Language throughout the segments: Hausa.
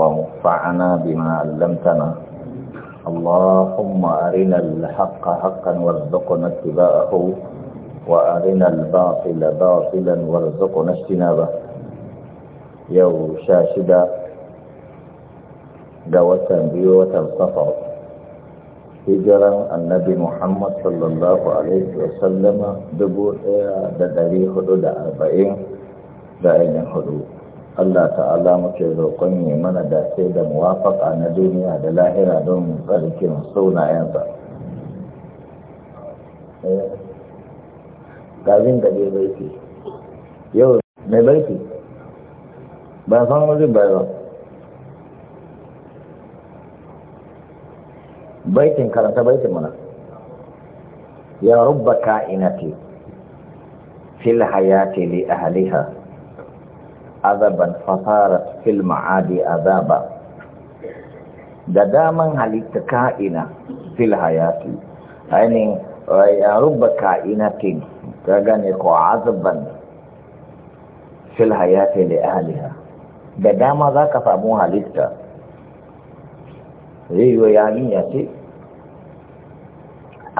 وانفعنا بما علمتنا اللهم أرنا الحق حقا وارزقنا اتباعه وأرنا الباطل باطلا وارزقنا اجتنابه يو شاشدا دوتا بيوة الصفر هجرا النبي محمد صلى الله عليه وسلم دبور إيه دا دريه دا أربعين دا أين حدود Allah ta'ala muke roƙon ya mana sai da muwafaka na duniya da lahira don tsarkin sunayensa. Eh, Gazin da bai baiti, yau mai baiti, ba san wuri bai ba. Baitin karanta baitin mana. Ya rubba ka'inati fil hayati li ahliha. azaban fasara filma ma'adi azaba da daman halitta ka'ina fil hayati ainihin rubba ka'inatin ta gane ko azaban fil hayati da aliha da dama za ka samu halitta zai yi ya ce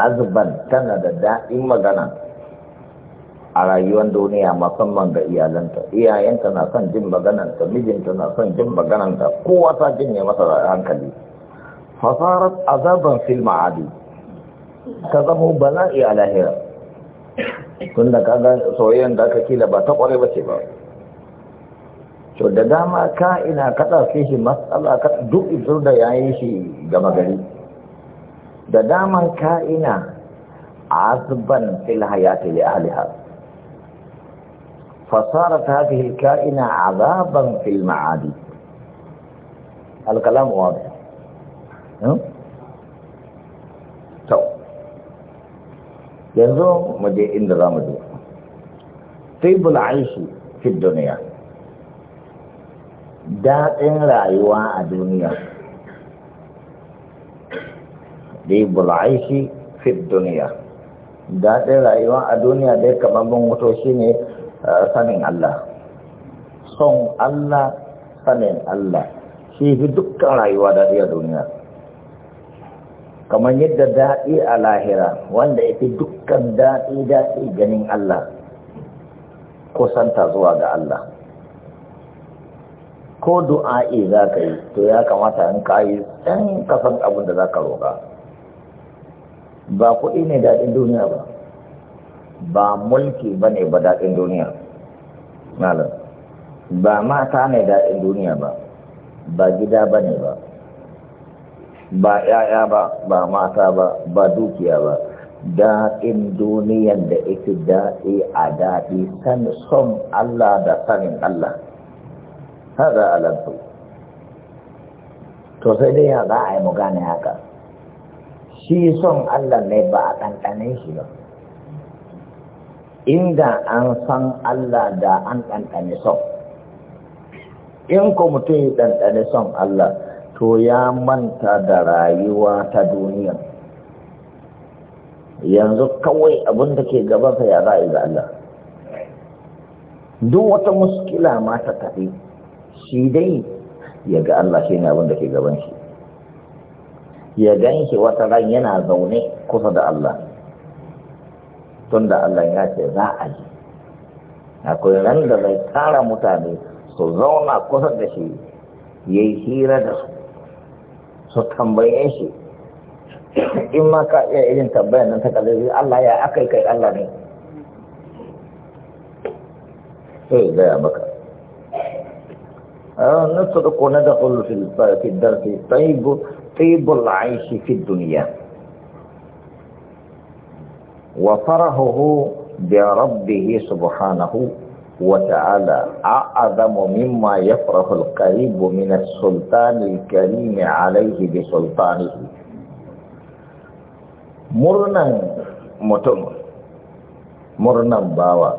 azaban tana da daɗin magana a rayuwar duniya musamman ga iyalanta iyayenta na son jin magananta mijinta na son jin magananta kowa ta ne masa hankali fasarar azaban fil ma'adi ta zamo bala'i a lahira tun da kaga soyayyar da aka kila ba ta kware ba ce ba to da dama ka ina kaɗa shi matsala ka duk isur da ya yi shi gama gari da daman ka ina azban fil hayati li ahliha فصارت هذه الكائنة عذابا في المعاد الكلام واضح inda ينظر mu اندغام طيب العيش في الدنيا daɗin rayuwa a duniya ribul aishi fi duniya daɗin rayuwa a duniya dai kamar mun wuto ne Eh, sanin Allah son Allah sanin Allah shi fi dukkan rayuwa daɗi a duniya kamar yadda daɗi a lahira wanda ya fi dukkan daɗi daɗi ganin Allah kusanta zuwa ga Allah ko du'a'i za ka yi to ya kamata in ka yi ɗan kasan abin da za ka roƙa ba kuɗi ne daɗin duniya ba ba mulki ba ne ba daɗin duniya malam ba mata ne daɗin duniya ba ba gida ba ne ba ba ‘ya'ya ba ba mata ba ba dukiya ba daɗin duniyan da ita daɗi a daɗi san son Allah da sanin Allah haɗa alamtu to sai dai ya za a yi mu gane haka shi son Allah ne ba a ɗanɗanen shi ba inda an san Allah da an ɗanɗane son in ko mutum yi ɗanɗane son Allah to ya manta da rayuwa ta duniya yanzu kawai abin da ke gabansa ya za'a ga Allah duk wata muskila ma ta tafi shi dai ya ga Allah shi ne abin da ke gaban shi ya gan shi wata ran yana zaune kusa da Allah tunda Allah ya ce za a yi akwai nan da zai tara mutane su zauna kusa da shi ya yi hira da su su tambaye shi in ma ka iya irin tambayar nan ta kalli Allah ya akai kai Allah ne sai gaya maka نترك وندخل في الدرس طيب طيب العيش في الدنيا وفرحه بربه سبحانه وتعالى اعظم مما يفرح القريب من السلطان الكريم عليه بسلطانه murnan mutum murnan bawa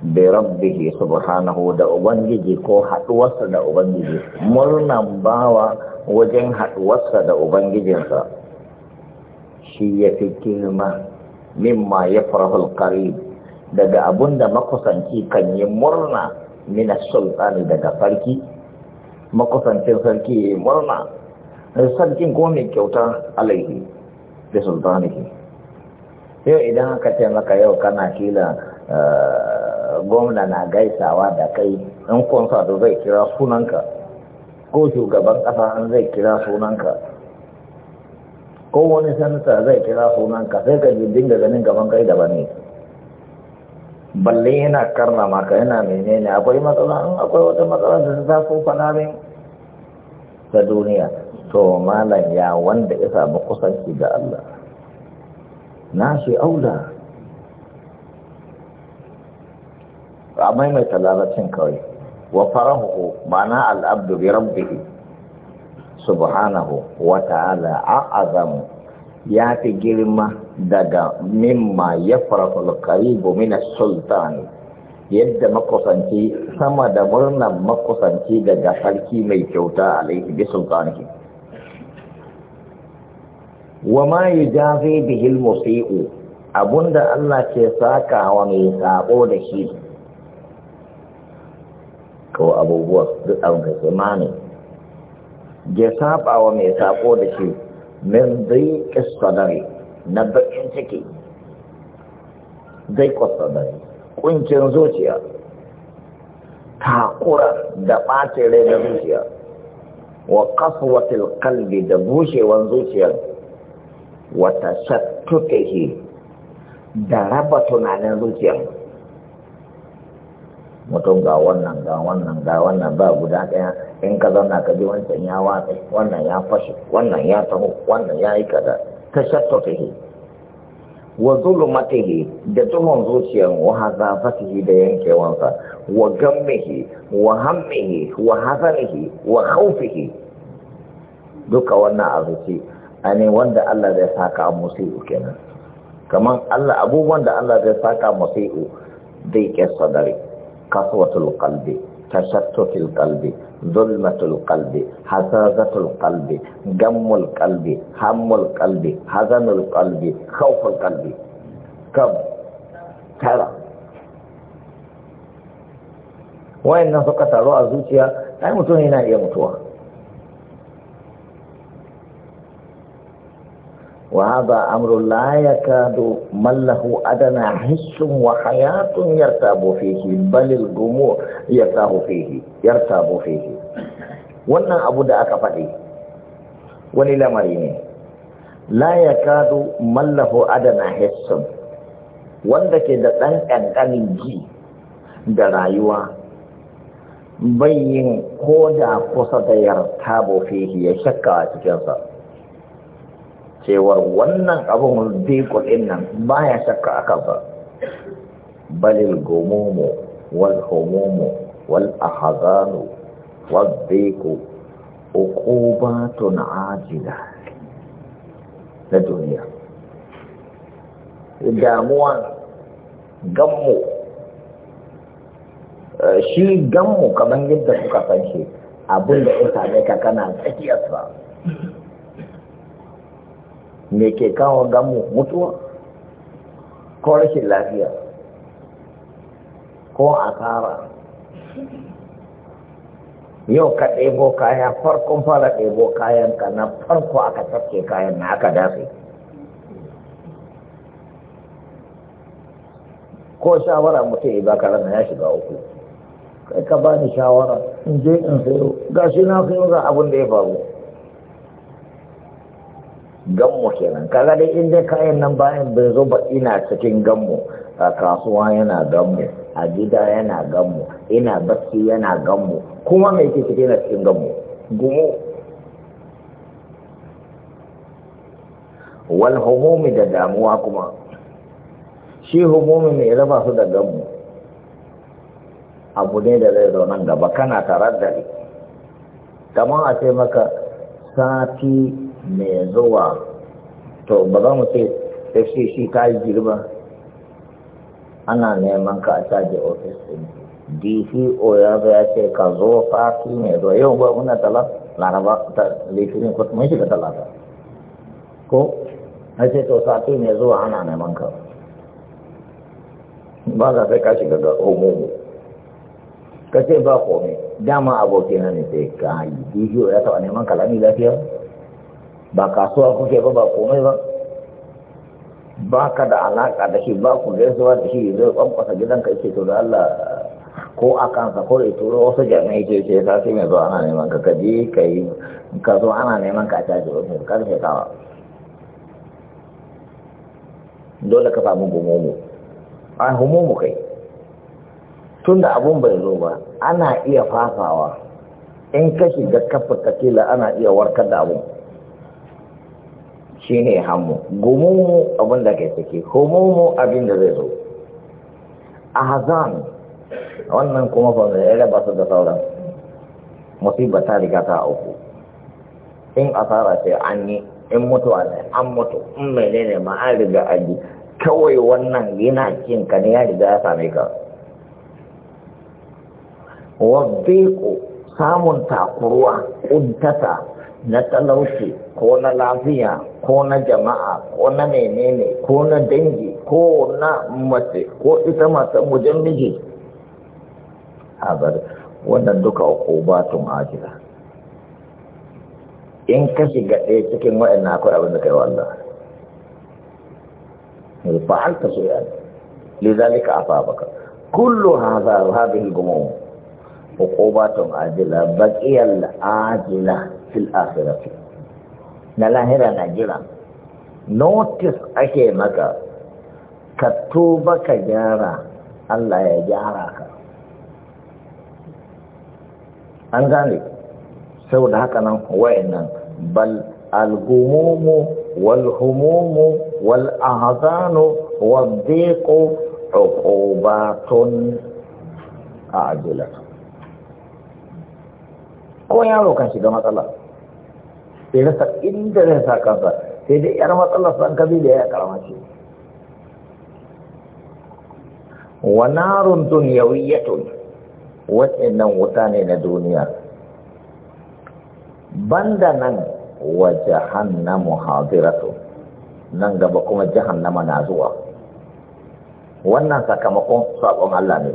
da rabbihi subhanahu da ubangiji ko haduwarsa da ubangiji murnan bawa wajen haɗuwarsa da ubangijinsa shi ya fi girma mimma ya farahul qarib daga abun da makusanci kan yi murna mina sultani daga sarki makusancin sarki ya yi murna sarkin kuma mai kyauta alaihi da ke yau idan aka ce maka yau kana kila gwamna na gaisawa da kai in kunsa da zai kira sunanka ko shugaban ƙasa an zai kira sunanka kowane sanata zai kira sunan ka sai ka jirgin da ganin gaban kai da bane balle yana karna maka yana menene akwai matsala An akwai wata matsala da ta ko fanarin ta duniya to malam ya wanda ya samu kusanci da Allah na shi aula a maimaita lalacin kawai wa farahu ma'ana al'abdu bi rabbihi subhanahu wa ta'ala azam ya fi girma daga mimma ya farafal karibu mina sultani yadda makusanci sama da murnan makusanci daga sarki mai kyauta alaihi bi sultanihi wa ma yujazi bihi al-musii'u abunda Allah ke saka wa mai sako da shi ko abubuwa duk an ga ne ya saba wa mai sako da shi min zai kisadari na bakin ciki zai kwasadari kuncin zuciya takura da ɓace rai da zuciya wa kasuwatil kalbi da bushewan zuciyar wata shattutahi da raba tunanin zuciyar mutum ga wannan ga wannan ga wannan ba guda ɗaya in ka zauna ka ji wancan ya watsa wannan ya fashe wannan ya taho wannan ya yi kaza ta shattatihi wa zulmatihi da tuhon zuciyar wa hazafatihi da yankewansa wa gammihi wa hammihi wa hazanihi wa khawfihi duka wannan a zuci ne wanda Allah zai saka musibu kenan kamar Allah abubuwan da Allah zai saka musibu zai kessa dare kaswatul qalbi tashattutul qalbi zulmatul qalbi hasazatul qalbi gammul qalbi hammul qalbi hazanul qalbi khawful qalbi kam tara wayannan suka taro a zuciya ai mutum na iya mutuwa وهذا أمر لا يكاد من له أدنى حس وحياة يرتاب فيه بل الجموع يرتاب فيه يرتاب فيه wannan abu da aka faɗi wani lamari ne la ya kadu mallahu adana hissun wanda ke da ɗan ƙanƙanin ji da rayuwa Bai yin ko da kusa da yar fihi ya shakka a cikinsa cewar wannan abin bikul ɗin nan baya shakka aka ba balil gumumu wal humumu wal ahazanu wal biku uqubatun ajila na duniya damuwa gammu eh, shi gammu kamar yadda kuka san shi abin da ya same ka kana tsakiyarsa me ke kawo gamu mutuwa ko rashin lafiya ko asara yau ka ɗebo kaya farkon fara ɗebo kayan ka na farko aka tafke kayan na aka dafe ko shawara mutum ya baka rana ya shiga uku kai ka bani shawara in je in sayo gashi na sayo ga abin da ya faru gammo kenan kaga dai in dai kayan nan bayan bai zo ba ina cikin gammo a kasuwa yana gammo a gida yana gammo ina bacci yana gammo kuma mai ke cikin cikin gammo gumo wal humumi da damuwa kuma shi humumi mai raba su da gammo abu ne da zai zo gaba kana tarar da kamar a ce maka sati mai zuwa to ba za mu ce fcc ta yi girba ana neman ka a caji ofis din dpo ya zo ya ce ka zo fati mai zuwa yau ba muna talata laraba ta litinin kwatu mai shiga talata ko a ce to sati mai zuwa ana neman ka ba za sai ka shiga ga homo ka ce ba komai dama abokina ne sai ka yi dpo ya taba neman kalami lafiya ba kasuwa kuke ba ba komai ba ba ka da alaƙa da shi ba ku gaisuwa da shi zai kwankwasa gidanka yake to da Allah ko a kansa ko da turo wasu jami'ai ke ce ta sai mai zo ana neman ka kaji ka yi ka zo ana neman ka ta caji wasu karfe kawa dole ka samu gumumu a humumu kai tun da abun bai zo ba ana iya fasawa in ka shiga kafa kakila ana iya warkar da abun shi ne hamu, gumumu abin da ke ciki humumu abin da zai zo a hazan wannan kuma ba ya raba su da sauran musibar ta riga ta uku in asara sai an yi in mutu a ne an mutu in menene ma an riga an yi kawai wannan yana cin ka ne ya riga ya same ka wadda samun takuruwa kuntata. na talauci ko na lafiya ko na jama'a ko na menene ko na dangi ko na mace ko ita masu mujan miji habar wannan duka tun ajira in ka shiga ɗaya cikin na akwai abin da kai wallah fa'alta su yana لذلك أصابك كل هذا ko ba tun ajila baƙiyar ajila fil akhirati na lahira na jira notice ake maka ka tuba ka gyara Allah ya gyara ka an gane saboda haka nan wa'annan bal al-gumumu wal-humumu wal-ahzanu wad-dhiqu uqubatun a'jilatun ko yaro kan shiga matsala sai rasa inda zai sa kansa sai dai yar matsalar san kabi da ya karama ce wa narun dunyawiyatun wuta ne na duniya banda nan wa na hadiratu nan gaba kuma jahannama na zuwa wannan sakamakon sabon Allah ne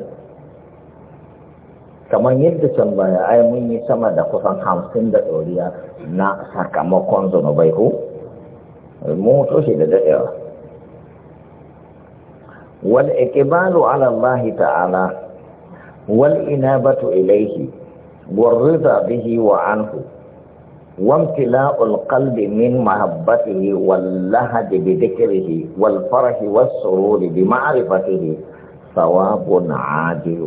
kamar yadda can baya ai mun yi sama da kusan hamsin da ɗoriya na sakamakon zunubai ko mu toshe da daɗewa wal ikibalu ala Allah ta'ala wal inabatu ilayhi wal ridha bihi wa anhu وامتلاء القلب من محبته واللهج بذكره والفرح والسرور بمعرفته ثواب عاجل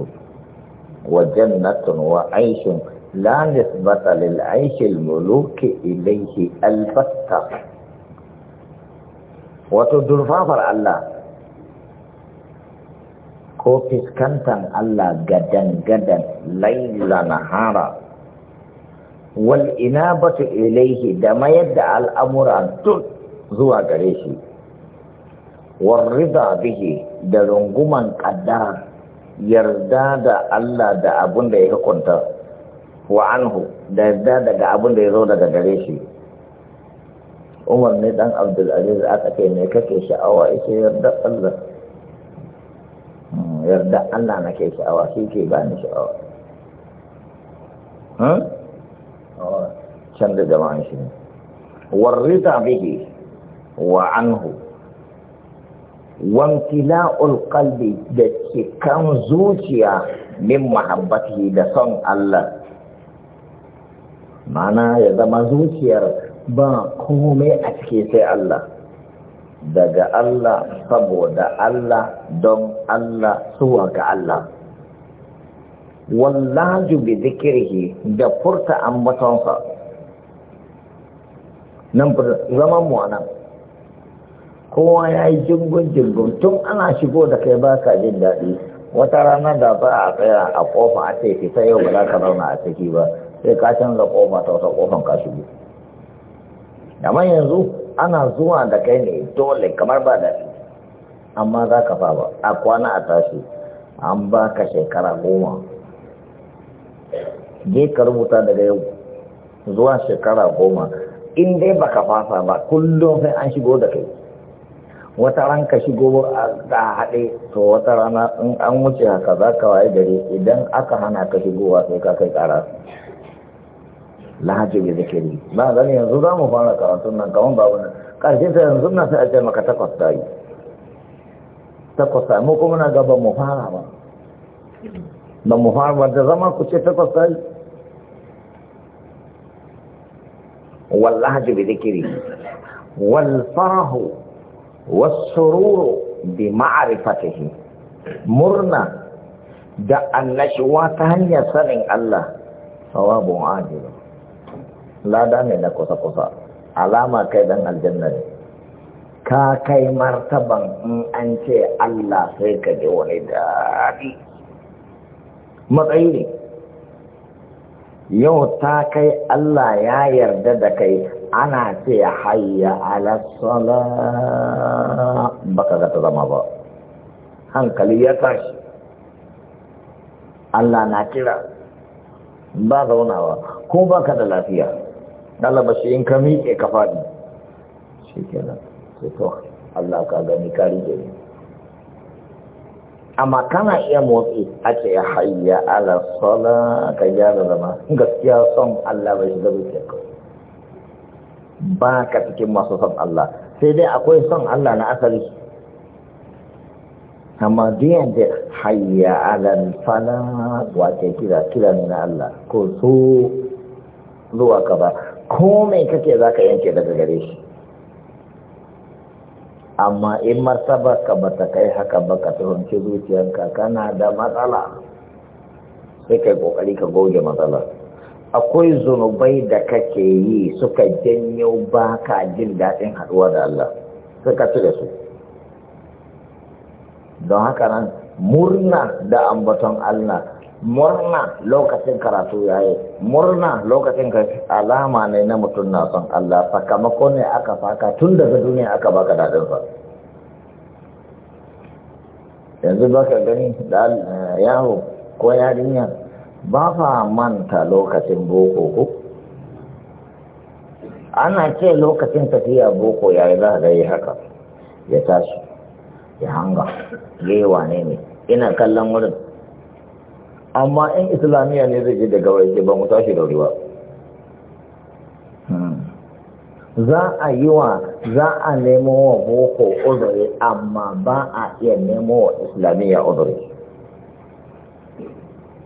وجنة وعيش لا نسبة للعيش الملوك إليه البتة وتدر فافر الله كوفيس كنتن الله جدا جدا ليلا نهارا والإنابة إليه دم يدعى الأمر أن ذو قريشي والرضا به دلنقما قدرت yarda da Allah da abun da ya hukunta wa anhu da yarda daga abun da ya zo daga gare shi umar ne dan abdulaziz aka ce ne kake sha'awa ita yarda Allah hmm, yarda Allah na ke sha'awa shi ke ba ni sha'awa hmm? oh, can da jama'a shi ne warrita bihi wa anhu wamtila'ul qalbi da cikan zuciya min mahabbati da son Allah mana ya zama zuciyar ba komai a cike sai Allah daga Allah saboda Allah don Allah suwa ga Allah wallaju bi zikirhi da furta ambatonsa nan zaman mu anan kowa ya yi jingun jingun tun ana shigo da kai ba ka jin daɗi wata rana da ba a tsaya a kofa a ce fita yau ba za ka zauna a ciki ba sai ka canza kofa ta wata kofan ka shigo amma yanzu ana zuwa da kai ne dole kamar ba da amma za ka fa ba a kwana a tashi an ba ka shekara goma je ka rubuta daga yau zuwa shekara goma in dai baka fasa ba kullum sai an shigo da kai wata ran ka shigo a haɗe to wata rana in an wuce haka za ka waye gari idan aka hana ka wa sai ka kai ƙara lahaji bai zikiri ba zane yanzu za mu fara karatun nan kawon babu nan ƙarshen ta yanzu na sai a ce maka takwas ta yi takwas ta mu kuma na gaba mu fara ba ba mu fara ba da zama ku ce takwas ta yi wallahi bai zikiri wal farahu ma'arifa ma'rifatihi murna da annashuwa ta hanyar sanin Allah sawabun ajiru lada ne na kusa-kusa alama kai dan aljanna ne ka kai martaban in an ce Allah sai ka ji wani daɗi matsayi ne yau ta kai Allah ya yarda da kai ana ce hayya ala sala baka ga ta zama ba hankali ya tashi Allah na kira ba zaunawa ko ka da lafiya Allah ba shi in ka miƙe ka faɗi shi kenan sai to Allah ka gani ka rige ni amma kana iya motsi a ce ya hayya ala sala ka gyara zama gaskiya son Allah bai shiga zuciyarka ba ka cikin masu son Allah sai dai akwai son Allah na asali amma diyan da hayya alal fala wace kira kira ne na Allah ko so zuwa ka ba ko mai kake za ka yanke daga gare shi amma in martaba ka ba ta kai haka ba ka tuhunci zuciyarka kana da matsala sai kai kokari ka goge matsalar akwai zunubai da kake yi suka janyo ba ka jin daɗin haɗuwa da Allah suka ci da su don haka nan murna da ambaton Allah murna lokacin karatu ya yi murna lokacin ka alama ne na mutum na son Allah sakamako ne aka faka tun daga duniya aka baka fa? yanzu baka gani da eh, yaho ko yarinya ba fa manta lokacin boko ko ana ce lokacin tafiya boko yayi za a yi haka ya tashi ya hanga ya yi wane ne ina kallon wurin amma in islamiyya ne zai je daga waje ba mu tashi da ruwa hmm. za a yi wa za a nemo wa boko uzuri amma ba a iya nemo wa islamiyya uzuri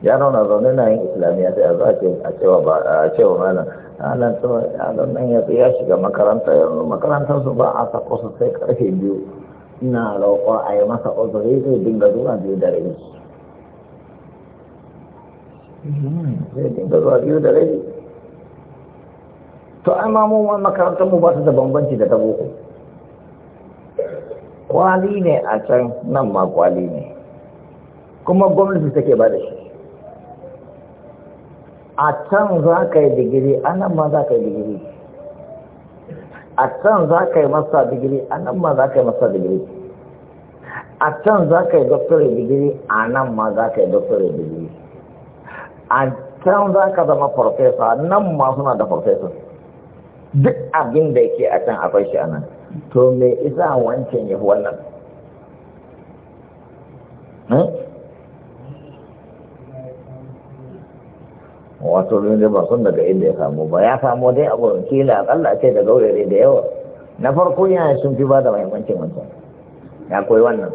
yaro na zaune na yin islamiyya sai a a cewa ba a cewa malam to yaron nan ya ya shiga makaranta yanzu makarantar su ba a sako su sai karfe biyu ina roƙo a yi masa uzuri zai dinga zuwa biyu da rabi zai dinga zuwa biyu da rabi to ai ma mu makarantar mu ba su da bambanci da ta boko kwali ne a can nan ma kwali ne kuma gwamnati take ba da shi a can za ka yi digiri a nan ma za ka yi digiri a can za ka yi masa digiri a nan ma za ka yi masa digiri a can za ka yi doctor digiri a nan ma za ka yi doctor digiri a can za ka zama farfesa nan ma suna da farfesa duk abin da yake a can akwai shi a nan to me isa wancan ya wannan hmm? wato da ba sun daga inda ya samu ba ya samu dai a gurin kila akalla ce daga wurare da yawa na farko ya sun fi ba da mahimmancin wancan ya koyi wannan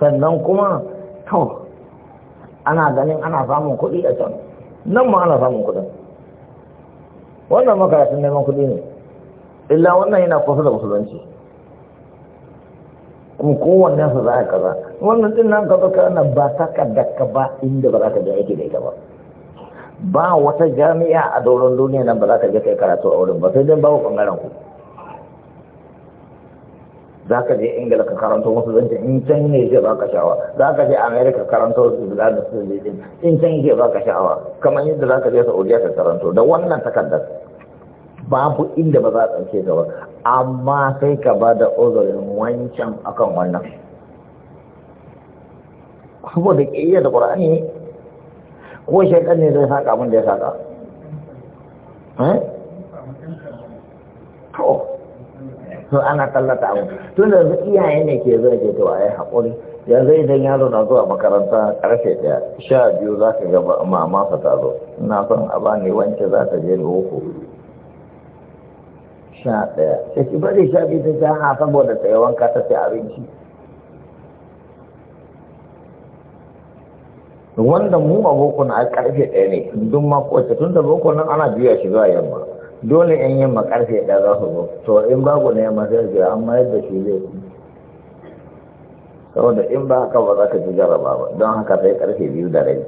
sannan kuma to ana ganin ana samun kuɗi a can nan ma ana samun kuɗin wannan makarantun neman kuɗi ne illa wannan yana kusa da musulunci kuma kowannen su za a kaza wannan din nan ka baka nan ba takarda ka ba inda ba za ka je aiki da ita ba ba wata jami'a a doron duniya nan ba za ka je kai karatu a wurin ba sai dai babu bangaren ku za ka je ingila ka karanto musulunci in can ne zai baka sha'awa za ka je amerika karanto zai musulunci in can zai baka sha'awa kamar yadda za ka je saudiya ka karanto da wannan takardar babu inda ba za a tsance gaba amma sai ka ba da uzurin wancan akan wannan saboda ƙiyar da ƙur'ani ko shaitan ne zai saka abin da ya saka eh? to ana tallata abu tun da iyaye ne ke zai ke to a yi haƙuri yanzu idan yaro na zuwa makaranta ƙarfe ɗaya sha biyu za ka ga mamansa ta zo ina son a bani wance za ta je da uku sha ɗaya ta ki bari sha biyu ta sha ha saboda tsayawan ka ta ci abinci wanda mu a boko na karfe ɗaya ne duk ma kowace tun da boko nan ana biya shi zuwa yamma dole in yamma karfe ɗaya za su zo to in babu na yamma sai ga an mayar da shi zai saboda in ba haka ba za ka ji jaraba ba don haka sai karfe biyu da rai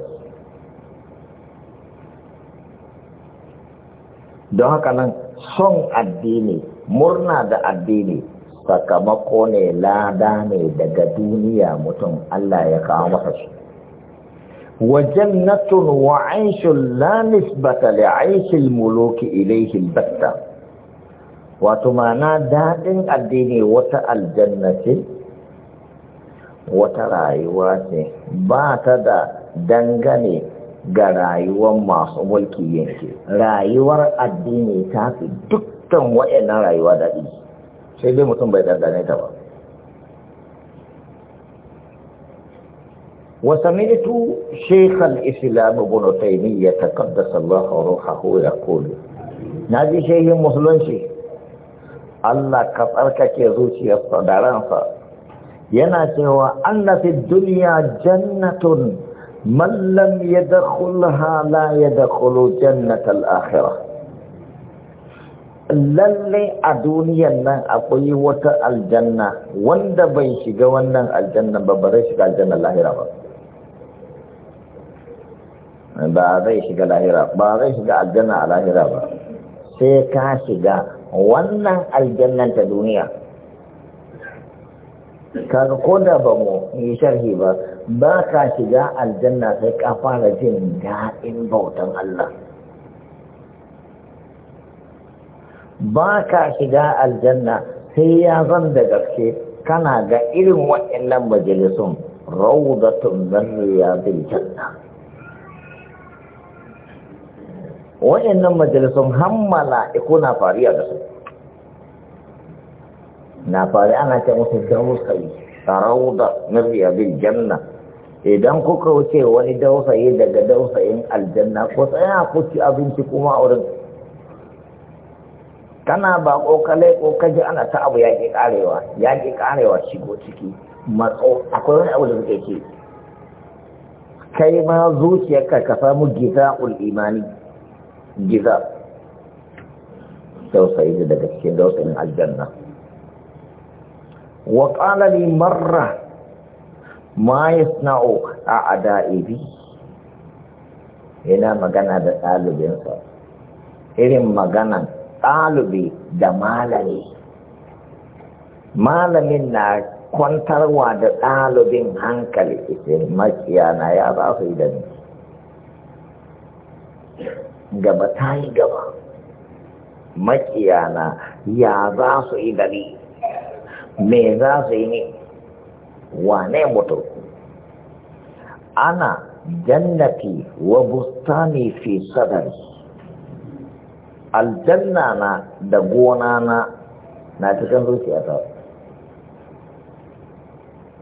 don haka nan son addini murna da addini sakamako ne lada ne daga duniya mutum Allah ya kawo masa shi وجنة وعيش لا نسبة لعيش الملوك إليه البتة وتمانا داد wata وتا الجنة وتا رايوات da dangane ga rayuwar masu mulki yanke rayuwar addini ta fi dukkan waɗannan rayuwa daɗi sai dai mutum bai dangane ta ba وسمعت شيخ الإسلام ابن تيمية قدس الله روحه يقول نادي شيخ مسلم شيخ الله كفرك كيزوشي الصدرانسا ينا سوى أن في الدنيا جنة من لم يدخلها لا يدخل جنة الآخرة lalle a duniyan nan akwai wata aljanna wanda bai shiga wannan aljannan ba ba zai shiga aljannan lahira ba ba zai shiga lahira ba zai shiga aljanna a lahira ba sai ka shiga wannan aljannan ta duniya kaga ko da ba mu yi sharhi ba ba ka shiga aljanna sai ka fara jin daɗin bautan Allah ba ka shiga aljanna sai ya zan da gaske kana ga irin waɗannan majalisun raudatun min riyadil janna wa'annan majalisun hammala iko eh, na fariya da su na fari ana ce musu dausayi sarauda na riyabin janna idan kuka wuce wani dausayi daga dausayin aljanna ko tsaya ku ci abinci kuma a wurin kana ba kokalai ko kaji ana ta abu yaƙi karewa yaƙi karewa shigo ciki matso akwai wani abu da suke ce kai ma zuciyarka ka samu giza'ul imani giza tausayi da daga cikin dausayin aljanna wa qala li marra ma yasna'u a ada'ibi yana magana da ɗalibinsa irin magana ɗalibi da malami malamin na kwantarwa da ɗalibin hankali ita makiya na ya za su yi da ni gaba ta yi gaba makiyana ya za su yi gari me za su yi ne wane mutum ana jannati wa bustani fi sadari aljanna na da gona na na cikin zuciya ta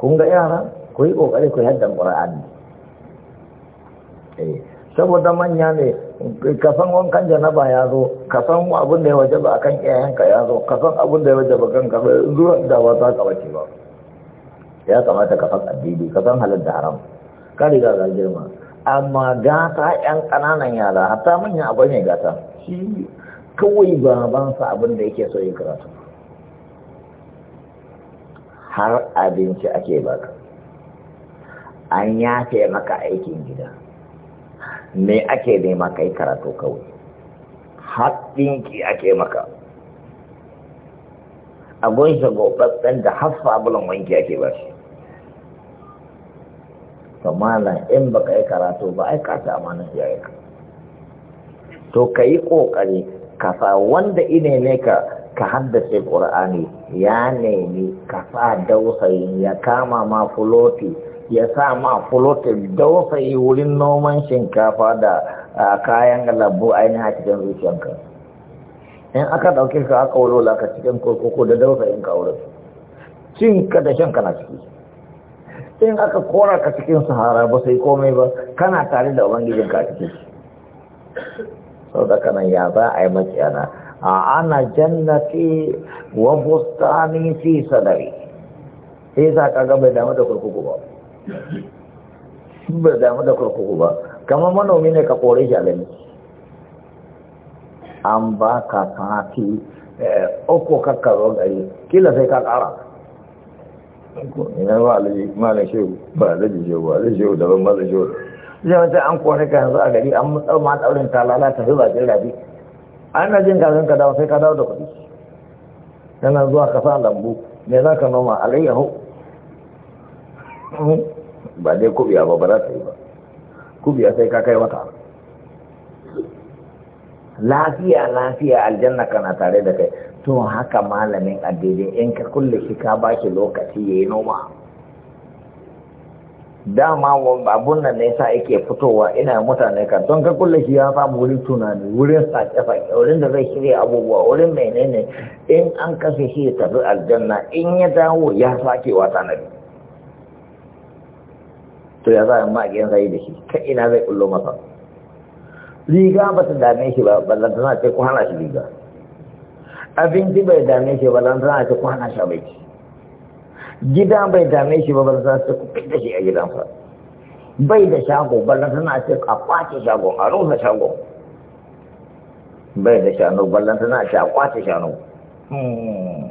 kun ga yara ku yi ƙoƙari ku yadda ƙura'ani eh, saboda manya ne ka san wankan janaba ya zo ka san abin da ya waje ba a kan iyayenka ya zo ka san abin da ya waje ba kanka zuwa da ba za ka wace ba ya kamata ka san addini ka san da haram ka riga ga girma amma gata yan ƙananan yara hatta manya abin ne gata shi kawai babansa abin da yake so ya karatu har abinci ake baka an yafe maka aikin gida me ake nema kai karatu kawai haɗinki ake maka a gunshi gobatsen da haffa abulan wanki ake ba shi to in in ka yi karatu ba aika ta amanin iyaye ka to ka yi ƙoƙari kasa wanda ine ne ka ka haddace ƙura'ani ya nemi ka sa dausayin ya kama ma fuloti ya sa ma fulotin dausa yi wurin noman shinkafa da kayan lambu ainihin a cikin zuciyanka in aka ɗauke ka aka walola ka cikin kurkuku da dausa yin kawurin cin ka da shanka na ciki in aka kora ka cikin sahara ba sai komai ba kana tare da ubangijin ka cikin sau da kanan ya za a yi makiyana a ana jannati wa bustani fi sadari sai sa ka gaba damu da kurkuku ba ba damu da kurkuku ba kamar manomi ne ka kore shi an ba ka sati eh, uku kakkaro gari kila sai ka kara ina ba alaji malin shehu ba alaji shehu ba alaji shehu daban malin shehu zai wata an kore ka yanzu a gari an matsar ma daurin ta lalata ba bakin rabi an na jin gazin ka dawo sai ka dawo da kuɗi yana zuwa ka sa lambu me za ka noma alayyahu hmm? ba dai kubiya ba ba za ta yi ba kubiya sai ka kai wata lafiya lafiya aljanna kana tare da kai to haka malamin addini in ka kulle shi ka ba shi lokaci ya yi noma dama abun nan ne sa yake fitowa ina mutane kan don ka kulle shi ya samu wurin tunani wurin sake-sake wurin da zai shirya abubuwa wurin menene in an kashe shi ya tafi aljanna in ya dawo ya sake wata nabi to ya za a maƙiyan zai da shi ta ina zai kullo masa riga ba ta dame shi ba ballantana ce ku hana shi riga abinci bai dame shi ba ballantana ce ku hana shi abinci gida bai dame shi ba ballantana ce ku fita shi a gidansa bai da shago ballantana ce a kwace shago, a rusa shago. bai da shanu tana ce a kwace shanu hmm.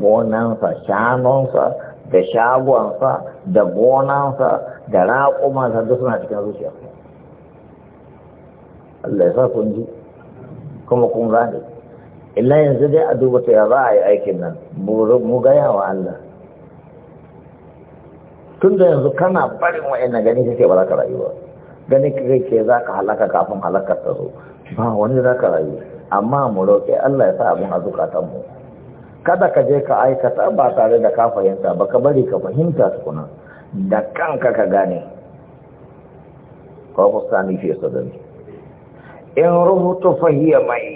gonansa shanunsa da shagonsa da gonansa da raƙumansa duk suna cikin zuciya Allah ya sa kun ji kuma kun gane illa yanzu dai a duba ta ya za a yi aikin nan mu gaya wa Allah tun da yanzu kana barin wa'in na gani kake ba za ka rayu ba gani kai ke za ka halaka kafin halakar ta zo ba wani za ka rayu amma mu roƙe Allah ya sa abin a zukatanmu kada ka je ka aikata ba tare da ka fahimta ba ka bari ka fahimta tukuna da kanka ka gane ko fustani fiye sadari in rubutu fahiya mai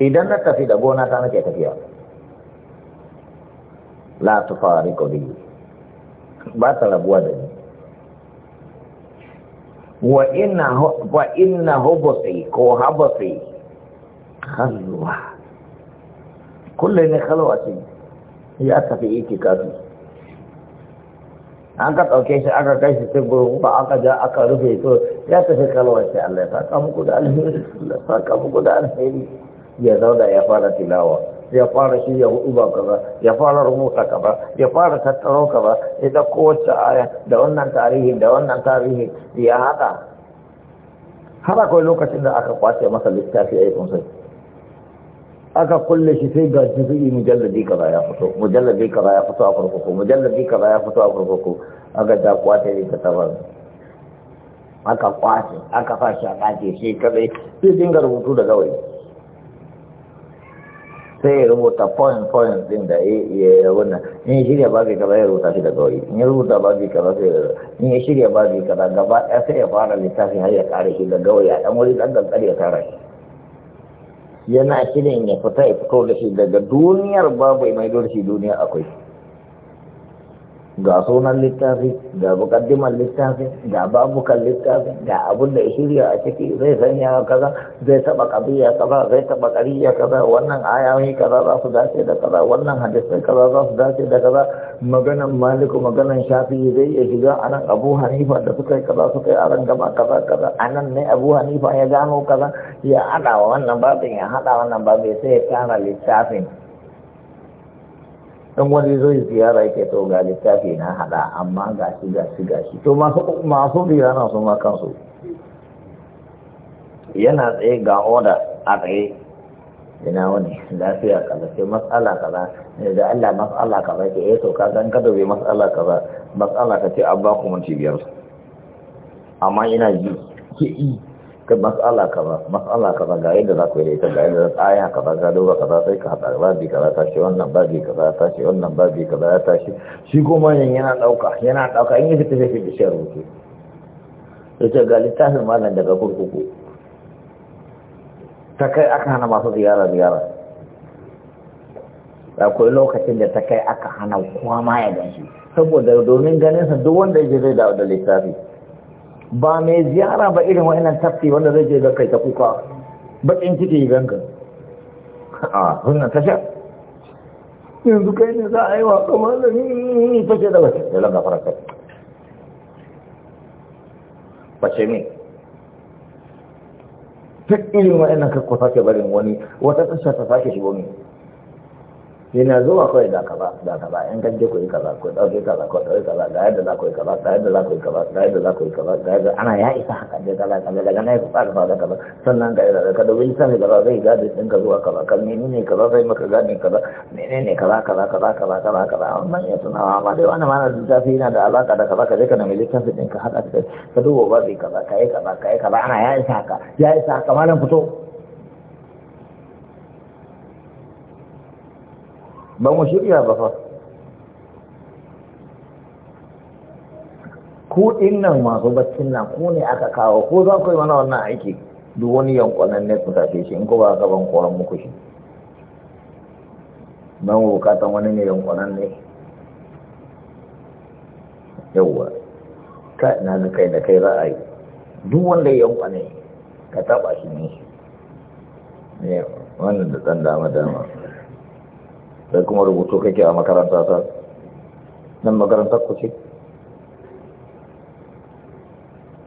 idan na tafi da gona ta nake tafiya la ko bi ba ta rabuwa da ni wa ina wa ko hubsi ko habsi khalwa kullum ne ce ya tafi kafi an ka ɗauke shi aka kai shi cikin gurin ba aka ja aka rufe to ya tafi kalwace Allah ya saka muku da alheri Allah ya saka muku da alheri ya zauna ya fara tilawa ya fara shi ya hudu ba kaza ya fara rubuta kaza ya fara tattaro kaza ya da kowace aya da wannan tarihi da wannan tarihi ya haɗa har akwai lokacin da aka kwace masa littafi a yi kunsai aka kulle shi sai ga juzu'i mujalladi kaza ya fito mujalladi kaza ya fito a kurkuku mujalladi kaza ya fito a kurkuku aka da kwace ne ta tabar aka kwace aka fashi a kace shi kadai sai dinga rubutu da gawayi sai ya rubuta point point din da ya wannan in shirya babi kaza ya rubuta shi da gawayi in ya rubuta babi kaza sai ya in ya shirya babi kaza gaba ɗaya sai ya fara littafin har ya kare shi da gawayi a ɗan wuri ɗan ɗan ya tara shi yana shirin ya fita ya fito da shi daga duniyar babu mai dole shi duniyar akwai ga sunan littafi ga bukaddimar littafi ga babukan littafi ga abin da shirya a ciki zai sanya kaza zai taba kabiya kaza zai taba kariya kaza wannan ayawi kaza za su dace da kaza wannan hadisai kaza za su dace da kaza maganan maliku maganan shafi zai iya shiga a nan abu hanifa da suka yi kaza suka yi a gaba kaza kaza a nan ne abu hanifa ya gano kaza ya hada wannan babin ya hada wannan babin sai ya kara littafin Ɗan wani zai ziyara yake to ga littafi na hada amma ga shi ga shi ga shi to masu masu na su ma kansu yana tsaye ga oda a tsaye ina wani lafiya kaza sai matsala kaza da Allah matsala kaza ke eh to ka gan kada bai matsala kaza matsala ka ce an ba ku minti biyar amma ina ji ke yi ka mas'ala kaza mas'ala kaza ga yadda za ku yi da ita ga yadda ka ba ga doga kaza sai ka haɗa babi kaza ta shi wannan ba babi kaza ta shi wannan ba bi kaza ya tashi shi kuma yin yana ɗauka yana ɗauka in yi fita sai fita shi rubutu ya ce ga littafin malam daga kurkuku ta kai aka hana masu ziyara ziyara akwai lokacin da ta kai aka hana kwama ma ya gan shi saboda domin ganin sa duk wanda ya je zai dawo da littafi ba mai ziyara ba irin wa'annan tafi wanda zai je ga kai ta kuka bakin ciki ganga a wannan tasha yanzu kai ne za a yi wa kamar da ni fashe da wasu da langa kai fashe ne ta irin wa'annan kakko sake barin wani wata tasha ta sake shigo ne yana zuwa kawai da kaza da kaza in ka je ku yi kaza ku dauke kaza ku dauke kaza ga yadda za ku yi kaza ga yadda za ku yi kaza ga yadda za ku yi kaza ga yadda ana ya isa haka da kaza kaza daga nan ku fara fara kaza sannan ga yadda ka dubi sani kaza zai ga da ɗinka zuwa kaza kan menene kaza zai maka ga ne kaza menene kaza kaza kaza kaza kaza kaza amma ya tunawa amma dai wannan mana da littafi yana da alaka da kaza ka je ka nemi littafi ɗinka haka ka duba ba zai kaza ka yi kaza ka yi kaza ana ya isa haka ya isa haka malam fito ba mu shirya ba fa ku nan masu baccin nan ko ne aka kawo ko za ku yi mana wannan aiki duk wani yankunan ne ku tafe shi in ku ba ka ban koran muku shi ban bukatan wani ne yankunan ne yauwa ka na ga kai da kai ra'ayi duk wanda ne ka taba shi ne wannan da tsan dama dama sai kuma rubutu kake a makaranta ta nan makarantar ku ce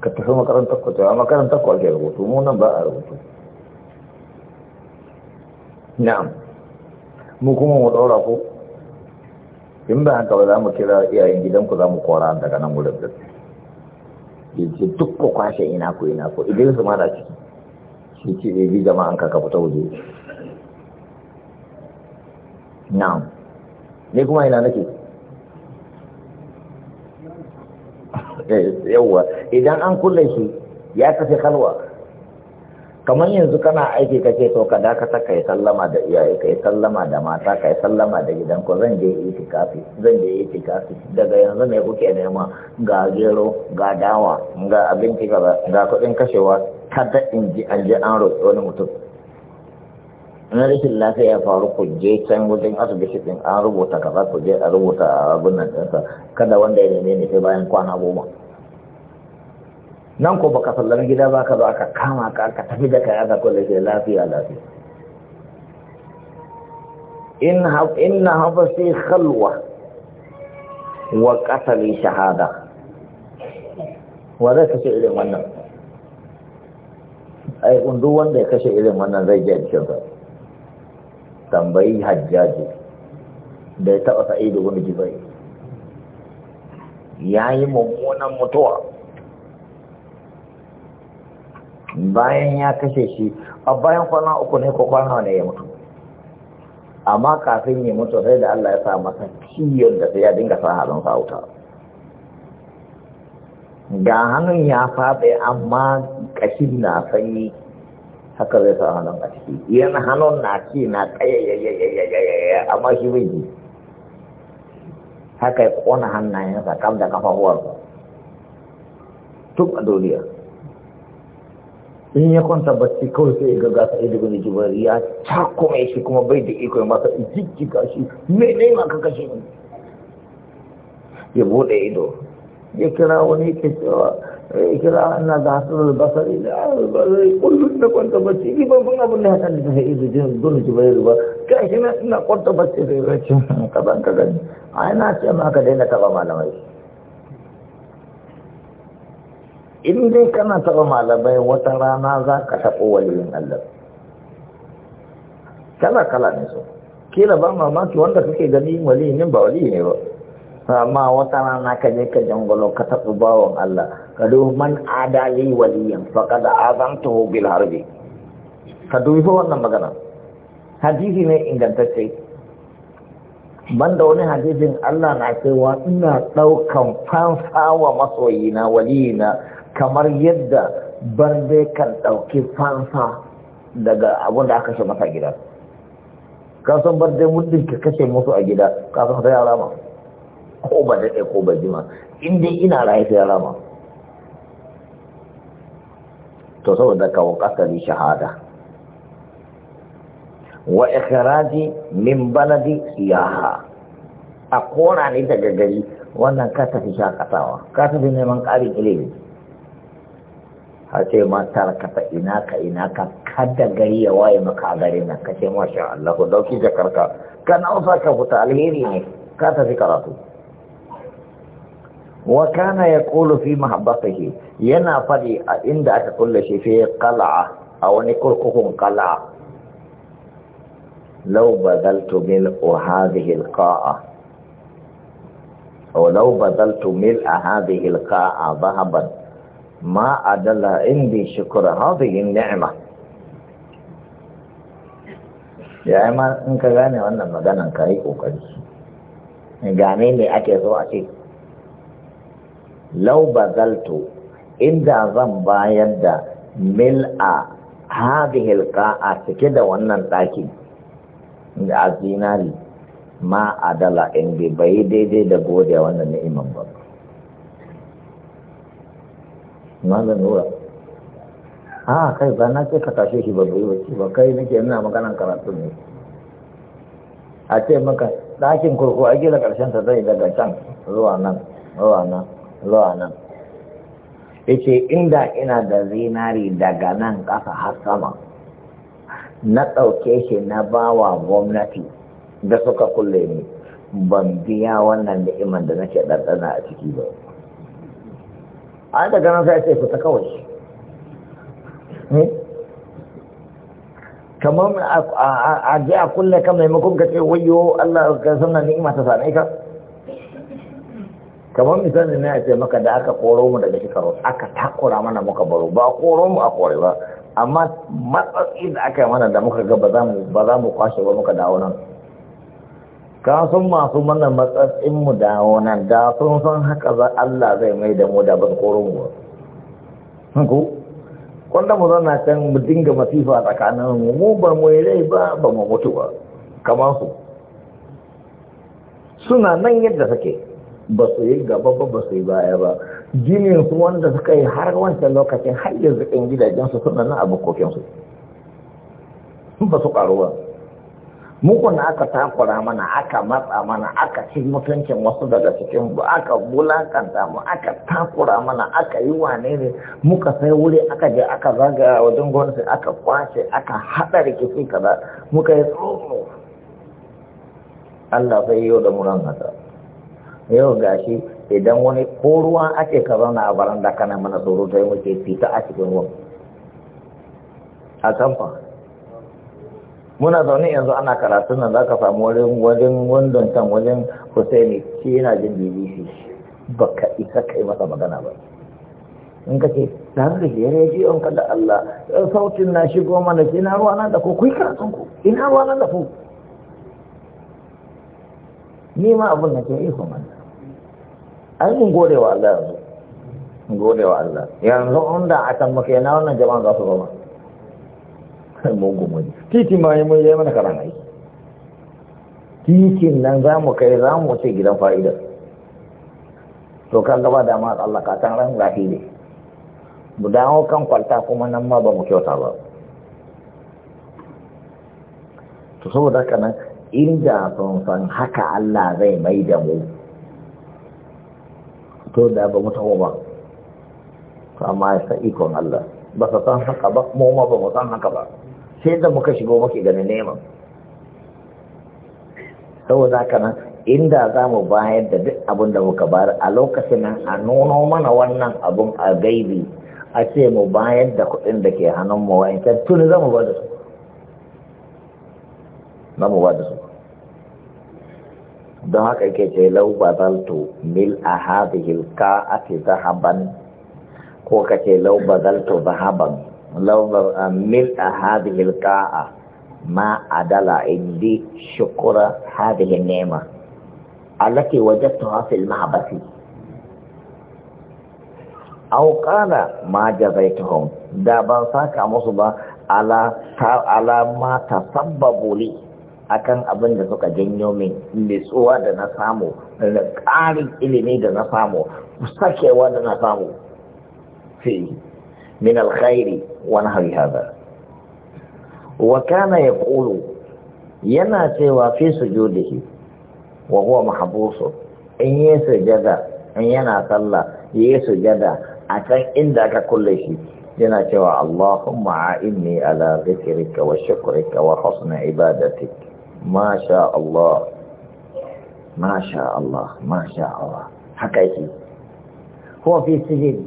ka tafi makarantar ku ce a makarantar ku ake rubutu mu nan ba a rubutu na'am mu kuma mu daura ku in ba haka ba za mu kira iyayen gidanku za mu kora daga nan wurin da ce duk ku kwashe ina ku ina ku idan su ma da ciki shi ce bai eh, bi jama'an ka ka fita waje na'am ne kuma ina nake eh, Yauwa, idan an kulle shi ya kafe kalwa kamar yanzu kana aiki kake to ka dakata kai sallama da iyaye ka sallama da mata ka sallama da gidan ko zan je yi tikafi zan je yi tikafi daga yanzu ne kuke nema ga gero ga dawa ga abinci ga kuɗin kashewa kada in ji an je an roƙi wani mutum na rashin lafiya ya faru ku je can wajen asibiti din an rubuta kaza ku je a rubuta abin nan ɗinsa kada wanda ya neme ne sai bayan kwana goma nan ko baka sallar gida ba ka zo aka kama ka aka tafi da kai aka kulle ke lafiya lafiya in ha inna sai khalwa wa qatali shahada wa zai irin wannan ai duk wanda ya kashe irin wannan zai ji cikin sa tambayi hajjaji da ya taɓa sa'idu wani jibai ya yi mummunan mutuwa bayan ya kashe shi a bayan kwana uku ne ko kwana ne ya mutu amma kafin ya mutu sai da Allah ya sa masa ciyon da sai ya dinga sa halin sauta ga hannun ya faɗi amma ƙashin na sanyi haka zai sa hannun a ciki yana hannun na ci na tsayayyayyayyayya amma shi bai ji haka ya kona hannayensa kam da kafafuwarsa tuk a duniya in ya kwanta bacci kawai sai ya gaga sa idu bin jibari ya cakume shi kuma bai da iko ya masa jijjiga shi me ne ma ka kashe ya bude ido ya kira wani ke cewa kira ina da hasan al-basri kullum da kwanta bacci ni ban san abin da hasan da sai izu jin dole ji bai ba kai shi na ina kwanta bacci sai bacci ka ban ka gani ai na ce ma ka daina taba malamai in dai kana taba malamai wata rana za ka taɓo waliyin Allah kala kala ne so kila ba mamaki wanda kake gani ne ba wali ne ba amma wata rana ka je ka jangolo ka taɓa bawan Allah ka duhu man adali waliyan azan ta hobil harbi ka dubi wannan magana hadisi ne ingantacce banda wani hadisin Allah na cewa ina ɗaukan fansa wa masoyina waliyina kamar yadda dai kan ɗauki fansa daga abin da aka shi masa gida kasan dai muddin ka kashe musu a gida kasan sai alama ko ba daɗe ko ba jima in dai ina raye sai rama to saboda kawo kasari shahada wa ikhraji min baladi siyaha a kora ne daga gari wannan ka tafi shakatawa ka tafi neman karin ilimi har ce ma tarkata ina ka ina ka kada gari ya waye maka a gari nan ka ce masha Allah ku dauki jakarka ka nausa ka fita alheri ne ka tafi karatu wa kana yaqulu fi mahabbatihi yana fadi a inda aka kulle shi fi kala'a a wani kurkukun kala'a. law badaltu mil hadhihi alqa'a aw law badaltu mil hadhihi alqa'a dhahaban ma adala indi shukra hadhihi ni'ma ya ma in ka gane wannan maganan kai kokari gane ne ake so a ce lau zalto, inda zan bayar da mil a haɗe hilka a cike da wannan ɗaki da a zinari ma dala in bai bai daidai da gode wannan ni'iman ba malam nura a kai ba na ce ka tashe shi ba, bai wace ba kai nake nuna maganan karatu ne a ce maka ɗakin kurku a gila ƙarshen ta zai daga can zuwa nan zuwa nan zuwa nan yace inda ina da zinari daga nan ƙasa har sama na ɗauke shi na bawa gwamnati da suka kulle ni ban biya wannan ni'imar da nake ɗanɗana a ciki ba a daga nan sai ce fita kawai eh? kamar a je a kulle kan maimakon ka ce wayo Allah ka sanna ni'ima ta same ka kamar misalin na ce maka da aka koro mu daga shekaru aka takura mana muka baro ba koro mu a kore ba amma matsatsi da aka yi mana da muka ga ba za mu kwashe ba muka dawo nan ka sun masu mana matsatsin mu dawo nan da sun san haka za Allah zai mai da mu da ba su koro mu ba ko wanda mu zana can mu dinga masifa tsakanin mu mu ba mu yi rai ba ba mu mutu ba kamar su suna nan yadda suke ba su yi gaba ba ba su yi baya ba jinin su wanda suka yi har wancan lokacin har yanzu in gidajen su suna nan abokokin su ba su karu ba Mukuna aka takura mana aka matsa mana aka ci mutuncin wasu daga cikin aka bulakanta mu aka takura mana aka yi wane ne muka sai wuri aka je aka zagaya wajen gwamnati aka kwashe aka haɗa rikici kaza muka yi tsoro Allah sai yau da muran yau gashi idan wani ko ruwa ake ka zauna a baranda kana mana tsoro ta yi muke fita a cikin ruwan a kamfa muna zaune yanzu ana karatun nan za ka samu wajen wajen wandon can wajen husaini shi yana jin bbc ba ka isa kai masa magana ba in ka ce ɗan da yare ji ka da allah sautin na shigo mana ina ruwa nan da ku kuyi karatun ku ina ruwa nan da ku ni ma abin da ke iko mana ai mun gode wa Allah yanzu mun gode wa Allah yanzu inda a kan muke na wannan jama'a za su zama mun ne titi ma mun yi mana karan aiki titin nan za mu kai za mu ce gidan fa'ida to kan gaba da ma Allah ka san ran lafi ne mu dawo kan kwalta kuma nan ma ba mu kyauta ba to saboda kana nan inda son san haka Allah zai mai da mu to da ba mu taho ba amma ya sa ikon Allah ba sa san haka ba mu ma ba mu san haka ba sai da muka shigo muke ganin neman saboda haka nan inda za mu bayar da duk abin da muka bayar a lokacin nan a nuno mana wannan abun a gaibi a ce mu bayar da kuɗin da ke hannun mu kyan tuni za mu ba da su za mu ba da su don haka ke ce lau bazaltu mil a a ka'ati zahaban ko ka ce lau bazaltu zahaban lau mil a hadihil a ma a dala indi shukura hadihin nema allati wajadtu fil mahbasi aw qala ma jazai jazaituhum da ban saka musu ba ala ta ala ma tasabbabu li akan abin da suka janyo min litsuwa da na samu da ƙarin ilimi da na samu sakewa da na samu fi min alkhairi wani hari hada wa kana ya ƙulu yana cewa fi su judihi wa huwa mahabusu in yi sujada in yana sallah yi sujada a can inda aka kulle shi yana cewa Allahumma a'inni ala zikrika wa shukrika wa husna ibadatik ما شاء الله ما شاء الله ما شاء الله حكايتي هو في سجن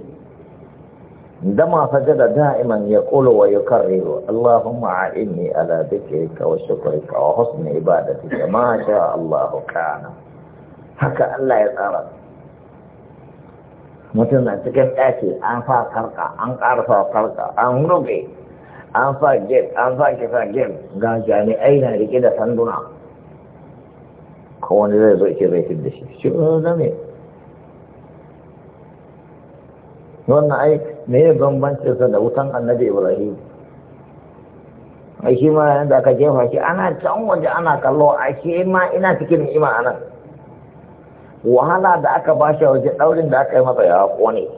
عندما سجد دائما يقول ويكرر اللهم أعني على ذكرك وشكرك وحسن عبادتك ما شاء الله كان حكى الله يتعرض mutum na اكل انفا an sa karka an an sa gem an sa ke fa gem ga jami'ai na rike da sanduna ko wani zai zo ke zai da shi shi na me wannan ai me ya bambancin sa da wutan annabi ibrahim ai shi ma yanda aka jefa shi ana can waje ana kallo a shi ma ina cikin ima anan wahala da aka bashi waje daurin da aka yi masa ya kone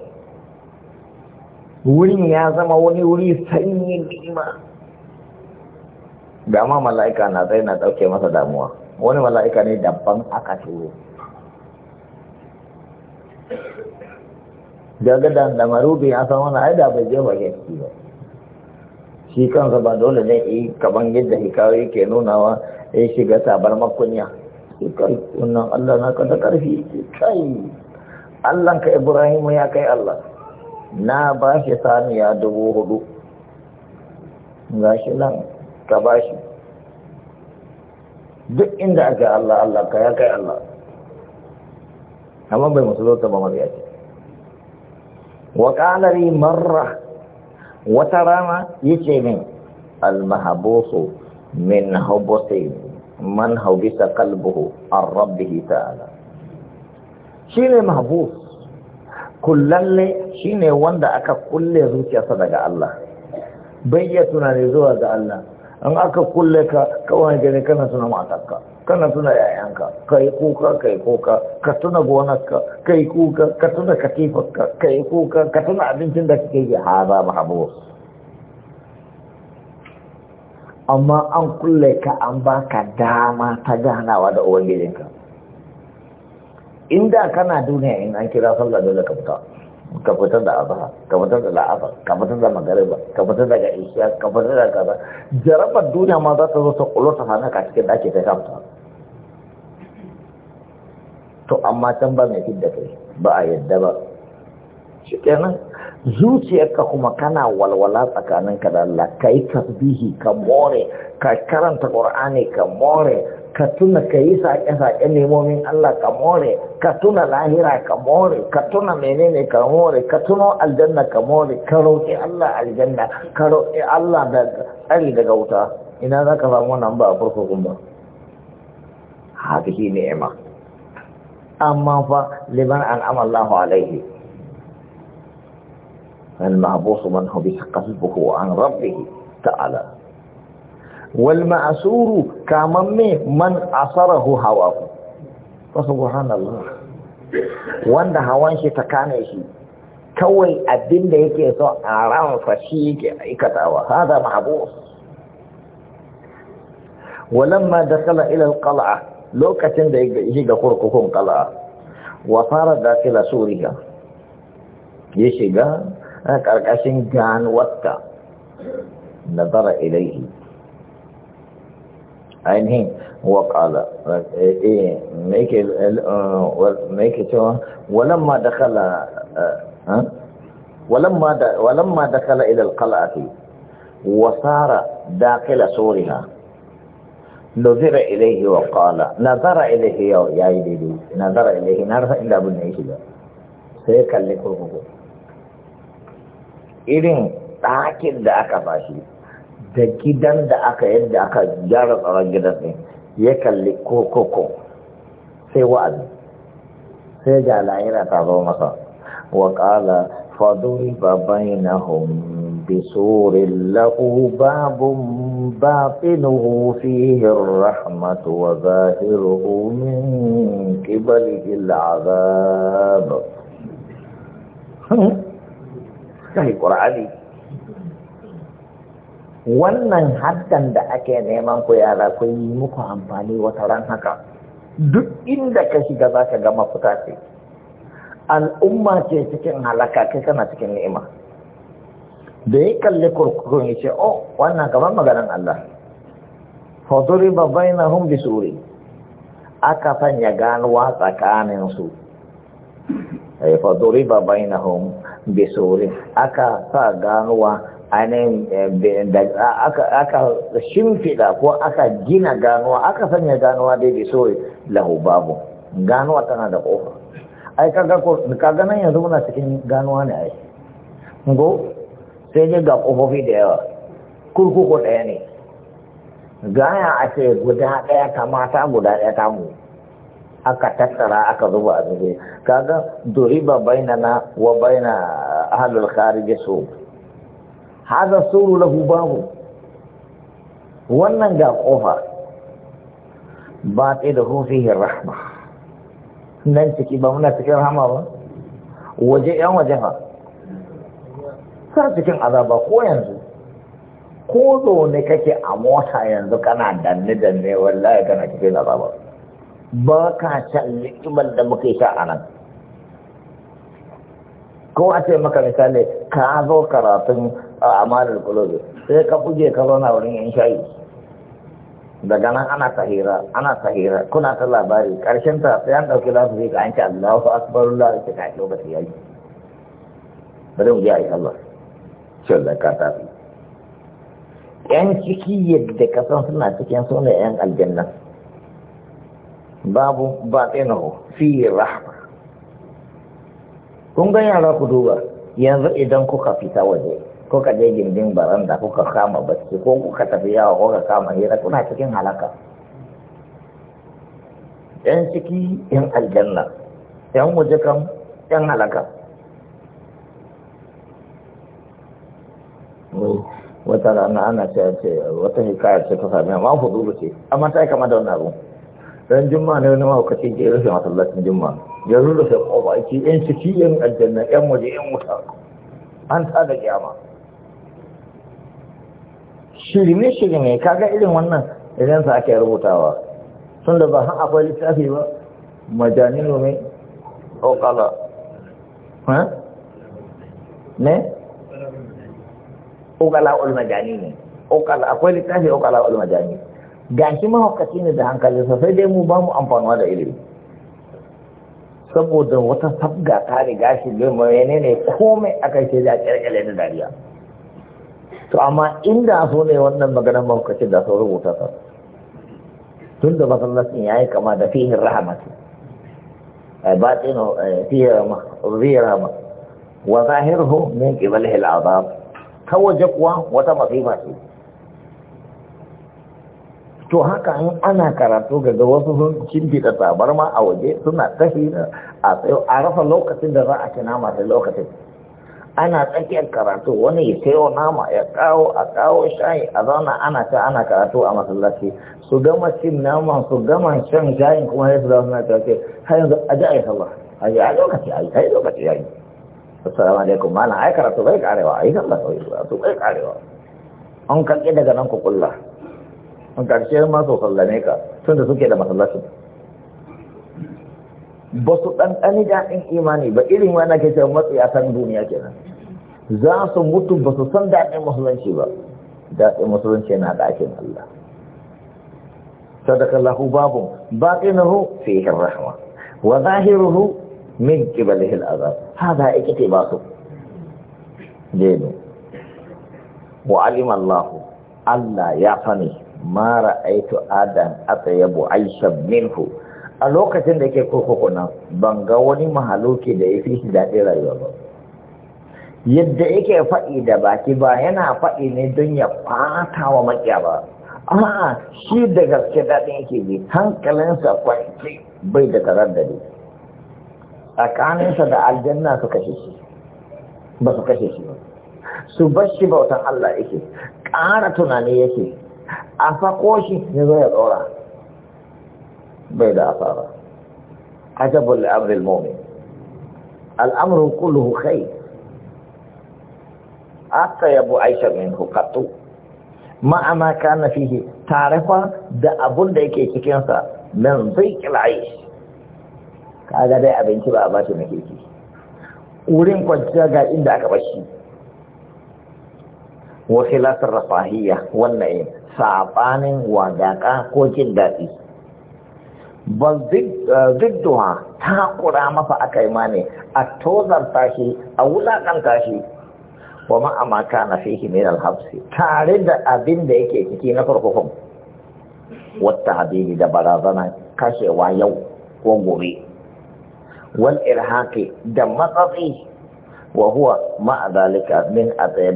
wurin ya zama wani wuri sanyi ni'ima da ma mala'ika na zai na ɗauke masa damuwa wani mala'ika ne dabban aka turo daga da marubi ya san wani aida bai je ba yake ba shi kansa ba dole ne yi kaman yadda hikayoyi ke nunawa ya shiga sabar makunya kai wannan Allah na ka da karfi kai Allah ka Ibrahim ya kai Allah na ba shi saniya dubu hudu ga shi nan ka ba shi duk inda aka Allah Allah ka ya kai Allah amma bai musulunta ba mariya ce wa ƙanari marra wata rama ya ce min almahabosu min hubusai man haubisa kalbuhu an rabbihi ta'ala shi ne mahabus kullalle shine wanda aka kulle zuciyarsa daga Allah bai tunani zuwa ga Allah an aka kulle ka kawai gani kana tuna matarka kana tuna yayanka kai kuka kai kuka ka tuna gonarka kai kuka ka tuna katifarka kai kuka ka tuna abincin da kake yi haza mahabus amma an kulle ka an baka dama ta ganawa da ubangijinka inda kana duniya in an kira sallah dole ka fita ka fita da azhar ka fita da la'asar ka fita da magariba ka fita daga isha ka fita da kaza jarabar duniya ma za ta zo ta kulo ta hana ka cikin dake ake ta fita to amma can ba mai fidda kai ba a yadda ba shi kenan zuciyarka kuma kana walwala ka da Allah kai tasbihi ka more ka karanta qur'ani ka more ka tuna ka yi saƙe-saƙe nemomin Allah ka more ka tuna lahira ka more ka tuna menene ka more ka tuno aljanna ka more ka roƙi Allah aljanna ka roƙi Allah da tsari daga wuta ina za ka samu wannan ba a kurkukun ba haka shi ni'ima amma fa liman an Allahu alaihi al-mahbusu man hubi qalbuhu an rabbih ta'ala والمعسور كامن من عصره هواه سبحان الله وند هوان شي تكانه شي كوي الدين ده يكي سو اراو فشي هذا محبوس ولما دخل الى القلعه لو كتن ده يجي يقول كوكو قلعه وصار داخل سوريا يشيغا كركاشين جان وقت نظر إليه ainihin waƙala eh, eh, mai ke eh, cewa walamma da kala walamma da kala ilal kala'afi wasara dakila soriha nazara ilaihi wa qala nazara ilaihi ya yi daidai nazara ilaihi na rasa inda abin da ya shiga sai kalli kurkuku irin ɗakin da aka bashi da gidan da aka yadda aka gyara tsaron gidan ne ya kalli kokoko sai wa'azi sai ga la'ira ta zo masa wa ƙala faduri babai na بسور له باب باطنه فيه الرحمة وظاهره من قبله العذاب هاي قرآني wannan haddan da ake neman ku yara ku yi muku amfani wata ran haka duk inda ka shiga za ka gama fita ce al'umma ce cikin halaka kai kana cikin ni'ima da ya kalli kurkukun ya ce oh wannan kamar maganan Allah faduri babbai na hun bisuri aka sanya ganuwa tsakaninsu faduri babbai na hun bisuri aka sa ganuwa ainihin eh, da aka shimfiɗa ko aka gina ganuwa aka sanya ganuwa dai bai so lahu babu ganuwa tana da ƙofa ai kaga nan yanzu muna cikin ganuwa ne ai go sai dai ga ƙofofi da yawa kurkuku ɗaya ne gaya a ce guda ɗaya mata guda ɗaya mu aka tattara aka zuba a zube kaga duriba bainana wa baina ahlul kharij su haza suru lahu babu wannan ga kofa ba ta da hufihin rahma nan ciki ba muna cikin rahama ba waje yan waje fa sa cikin azaba ko yanzu ko zaune kake a mota yanzu kana danne danne wallahi kana cikin azaba ba ka can ni'imar da muke sha a nan ko a ce maka misali ka zo karatun a amalin kulobe sai ka buge ka zauna wurin yan shayi daga nan ana tahira ana tahira kuna ta labari karshen ta sai an dauki lafi ka an ci ce Allahu akbar Allah ta kai lokaci yayi bari mu ji ayi Allah shin da ka tafi yan ciki yadda ka san suna cikin sune yan aljanna babu ba batinahu fi rahma kun ga yara ku duba yanzu idan kuka fita waje ko ka je gindin baranda kuka kama baske ko kuka tafi yawa ko ka kama hira kuna cikin halaka yan ciki yan aljanna yan waje kan yan halaka wata rana ana ce wata hikaya ce ta sami amma hudu ce amma ta yi kama da wani abu ran juma ne wani mahaukaci ke rufe masallacin juma ya rufe kofa ake yan ciki yan aljanna yan waje yan wuta an ta da kyama shirme shirme kaga irin wannan idan sa ake rubutawa tun da ba akwai littafi ba majani ne okala ha ne okala ul majani ne okala akwai littafi okala ul majani gashi mahaukaci ne da hankali sai dai mu ba mu amfanuwa da ilimi saboda wata sabga ta riga shi bai mai ne komai aka ce da kirkire da dariya to amma inda so ne wannan maganar mawukacin da sun rubuta ta tun da masallacin ya yi kama da fihin rahamati a batin fihin rama wa hu min qibal hil azab ta waje kuwa wata masifa ce to haka in ana karatu ga wasu sun shimfiɗa ma a waje suna tafi a tsayo a rasa lokacin da za a kina masu lokacin ana tsakiyar karatu wani ya sayo nama ya kawo a kawo shayi a zauna ana ta ana karatu a masallaci su gama cin nama su gama shan shayin kuma ya su zama suna ta ce har yanzu a ji a yi sallah a yi a lokaci a yi a yi lokaci a yi assalamu alaikum mana ai karatu bai karewa a yi sallah kawai karatu bai karewa an karɓi daga nan ku kulla an karshe ma su sallame ka tun da suke da masallacin ba su ɗanɗani daɗin imani ba irin wani ke ce kan duniya kenan za su mutu ba su san daɗin musulunci ba daɗin musulunci na ɗakin Allah sadaka lahu babu baqinuhu fihi rahma wa zahiruhu min qibalihi ha azab a ikite ba su deno wa alima Allah Allah ya fani ma ra'aytu adam atayabu aisha minhu a lokacin da yake kurkuku nan ban ga wani mahaluki da ya fi shi daɗi rayuwa ba yadda yake faɗi da baki ba yana faɗi ne don ya fata wa maƙiya ba a'a shi da gaske daɗin yake ji hankalinsa kwanci bai da karar da tsakaninsa da aljanna su kashe shi ba su kashe shi ba su bar shi bautan Allah yake ƙara tunani yake a fako shi ya zo ya tsora bai da asara ajabul amril mu'min al'amru kulluhu khair aka yabo aisha min hukatu ma'a ka na fi tarifa da abun da yake cikinsa nan zai zaiqil aish kaga dai abinci ba a bashi na keke wurin kwanciya ga inda aka bashi wa khilasar rafahiyya wannan sabanin wadaka ko jin daɗi bal eh, zidduha ta kura mafa aka yi ma ne a tozar tashi a wulaƙan tashi wa ma'ama kana fihi min alhabsi tare da abin da yake ciki na farkokon wata hadini da barazana kashewa yau ko gobe wal irhaqi da matsatsi wa huwa a zalika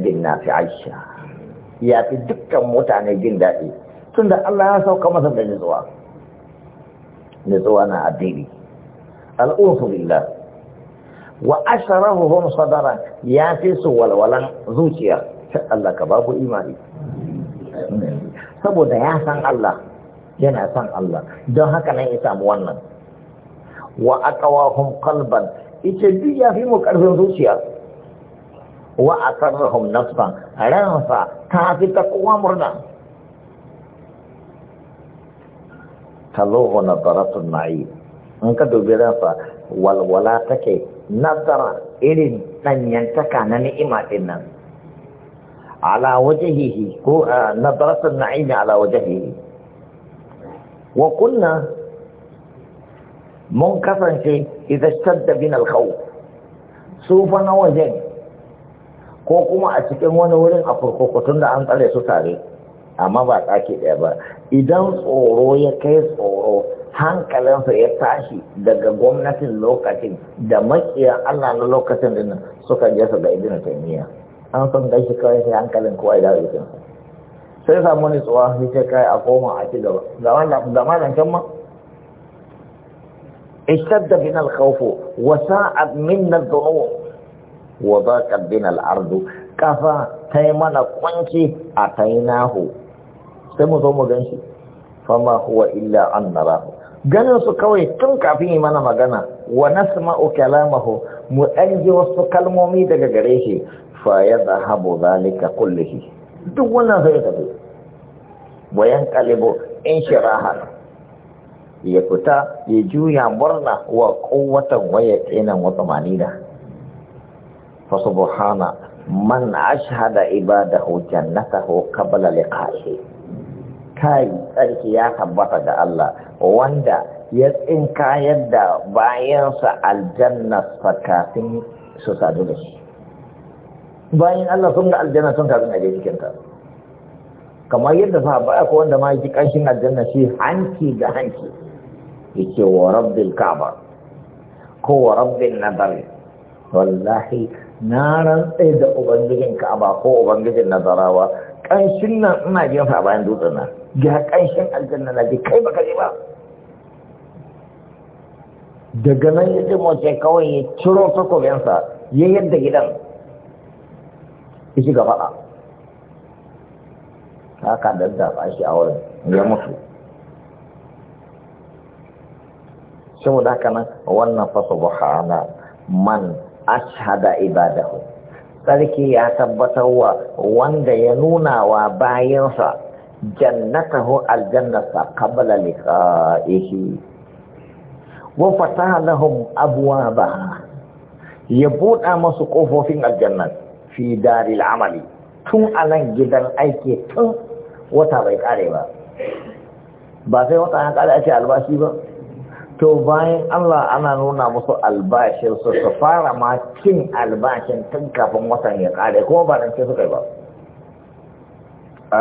bin na fi aisha ya fi dukkan mutane jin daɗi tunda Allah ya sauka masa da nutsuwa nutsuwa na addini al'ufu billah wa asharahuhum sadara ya fi su walwalan zuciya Allah ka babu imani saboda ya san Allah yana san Allah don haka nan ya samu wannan wa aqawahum qalban ita duk ya fi mu karfin zuciya wa asarrahum nafsan ransa ta fi ta kowa murna تلوغ نظرة النعيم in ka dubi ransa walwala take nazara irin ɗanyantaka na ni'ima ɗin nan ala wajahihi ko na nazaratun na'imi ala wajahihi wa kunna mun kasance idan shadda bin alkhawf su fa na wajen ko kuma a cikin wani wurin a tun da an tsare su tare amma ba tsaki ɗaya ba idan tsoro ya kai tsoro hankalinsa ya tashi daga gwamnatin lokacin da makiya Allah na lokacin din suka je su ga ibn taimiya an san gashi kawai sai hankalin kawai da dawo sai samu ne tsuwa sai ce kai a koma a ci gaba ga wannan can ma ishtadda bina al-khawf wa sa'ad minna adh-dhunub wa daqat bina al-ardu kafa tayi mana kunci a tainahu sai mu zo mu gan shi fama huwa illa an narahu ganin su kawai tun kafin yi mana magana wa nasma'u kalamahu mu ɗan wasu kalmomi daga gare shi fa ya zahabu zalika kullihi duk wannan sai tafi bayan kalibu in shirahan ya fita ya juya murna wa kowatan waya tsinan wata manina fa subhana man ashhada ibadahu jannatahu qabla liqa'ihi kai tsarki ya tabbata ga Allah wanda ya tsinka yadda bayansa aljanna kafin su sadu da shi bayan Allah sun ga aljanna sun kafin a jikinta kamar yadda fa ba ko wanda ma yake kanshin aljanna shi hanki da hanki yake wa rabbil ka'aba ko wa rabbin nadar wallahi na rantsai da ubangijin ka'aba ko ubangijin nazarawa kanshin nan ina jin a bayan dutsen nan ga ƙanshin aljanna na ji kai baka ba daga nan ya ji mace kawai ya ciro takobinsa ya yadda gidan ya shiga faɗa haka daddafa shi a wurin ya mutu da haka nan wannan fasa buhana man ashada ibadahu sarki ya tabbatar wa wanda ya nuna wa bayansa jannatahu aljannata qabla liqa'ihi wa fataha lahum abwabaha ya buɗa masu ƙofofin aljanna fi daril amali tun anan gidan aiki tun wata bai kare ba ba sai wata ya kare ake albashi ba to bayan Allah ana nuna musu albashinsu su fara ma cin albashin tun kafin watan ya kare kuma ba nan sai suka yi ba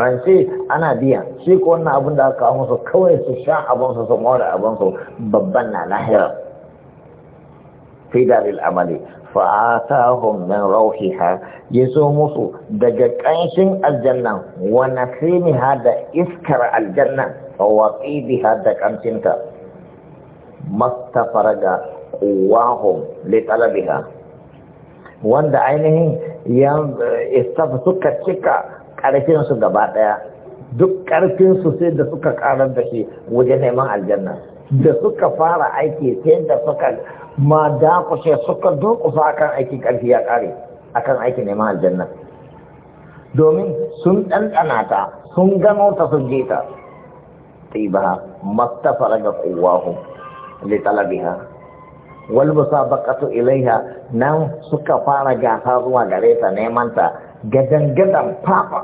rance ana biya shi ko wannan abin da aka musu kawai su sha abinsu su mora abinsu babban na lahira fi daril amali fa'atahum min rauhiha yazo musu daga kanshin aljanna wa nasimiha da iskar aljanna wa qibiha da kantinta mastafaraga quwahum li talabiha wanda ainihin ya istaf eh, suka cika ƙarfin su gaba ɗaya duk ƙarfinsu su sai da suka karar da shi wajen neman aljanna da suka fara aiki sai da suka ma dakushe suka durƙusa akan aiki ƙarfi ya ƙare akan aiki neman aljanna domin sun ɗanɗana ta sun gano ta sun je ta tiba mastafara ga kowahu litalabiha wal musabaqatu ilaiha nan suka fara gasa zuwa gare ta neman ta gadan gadan papa,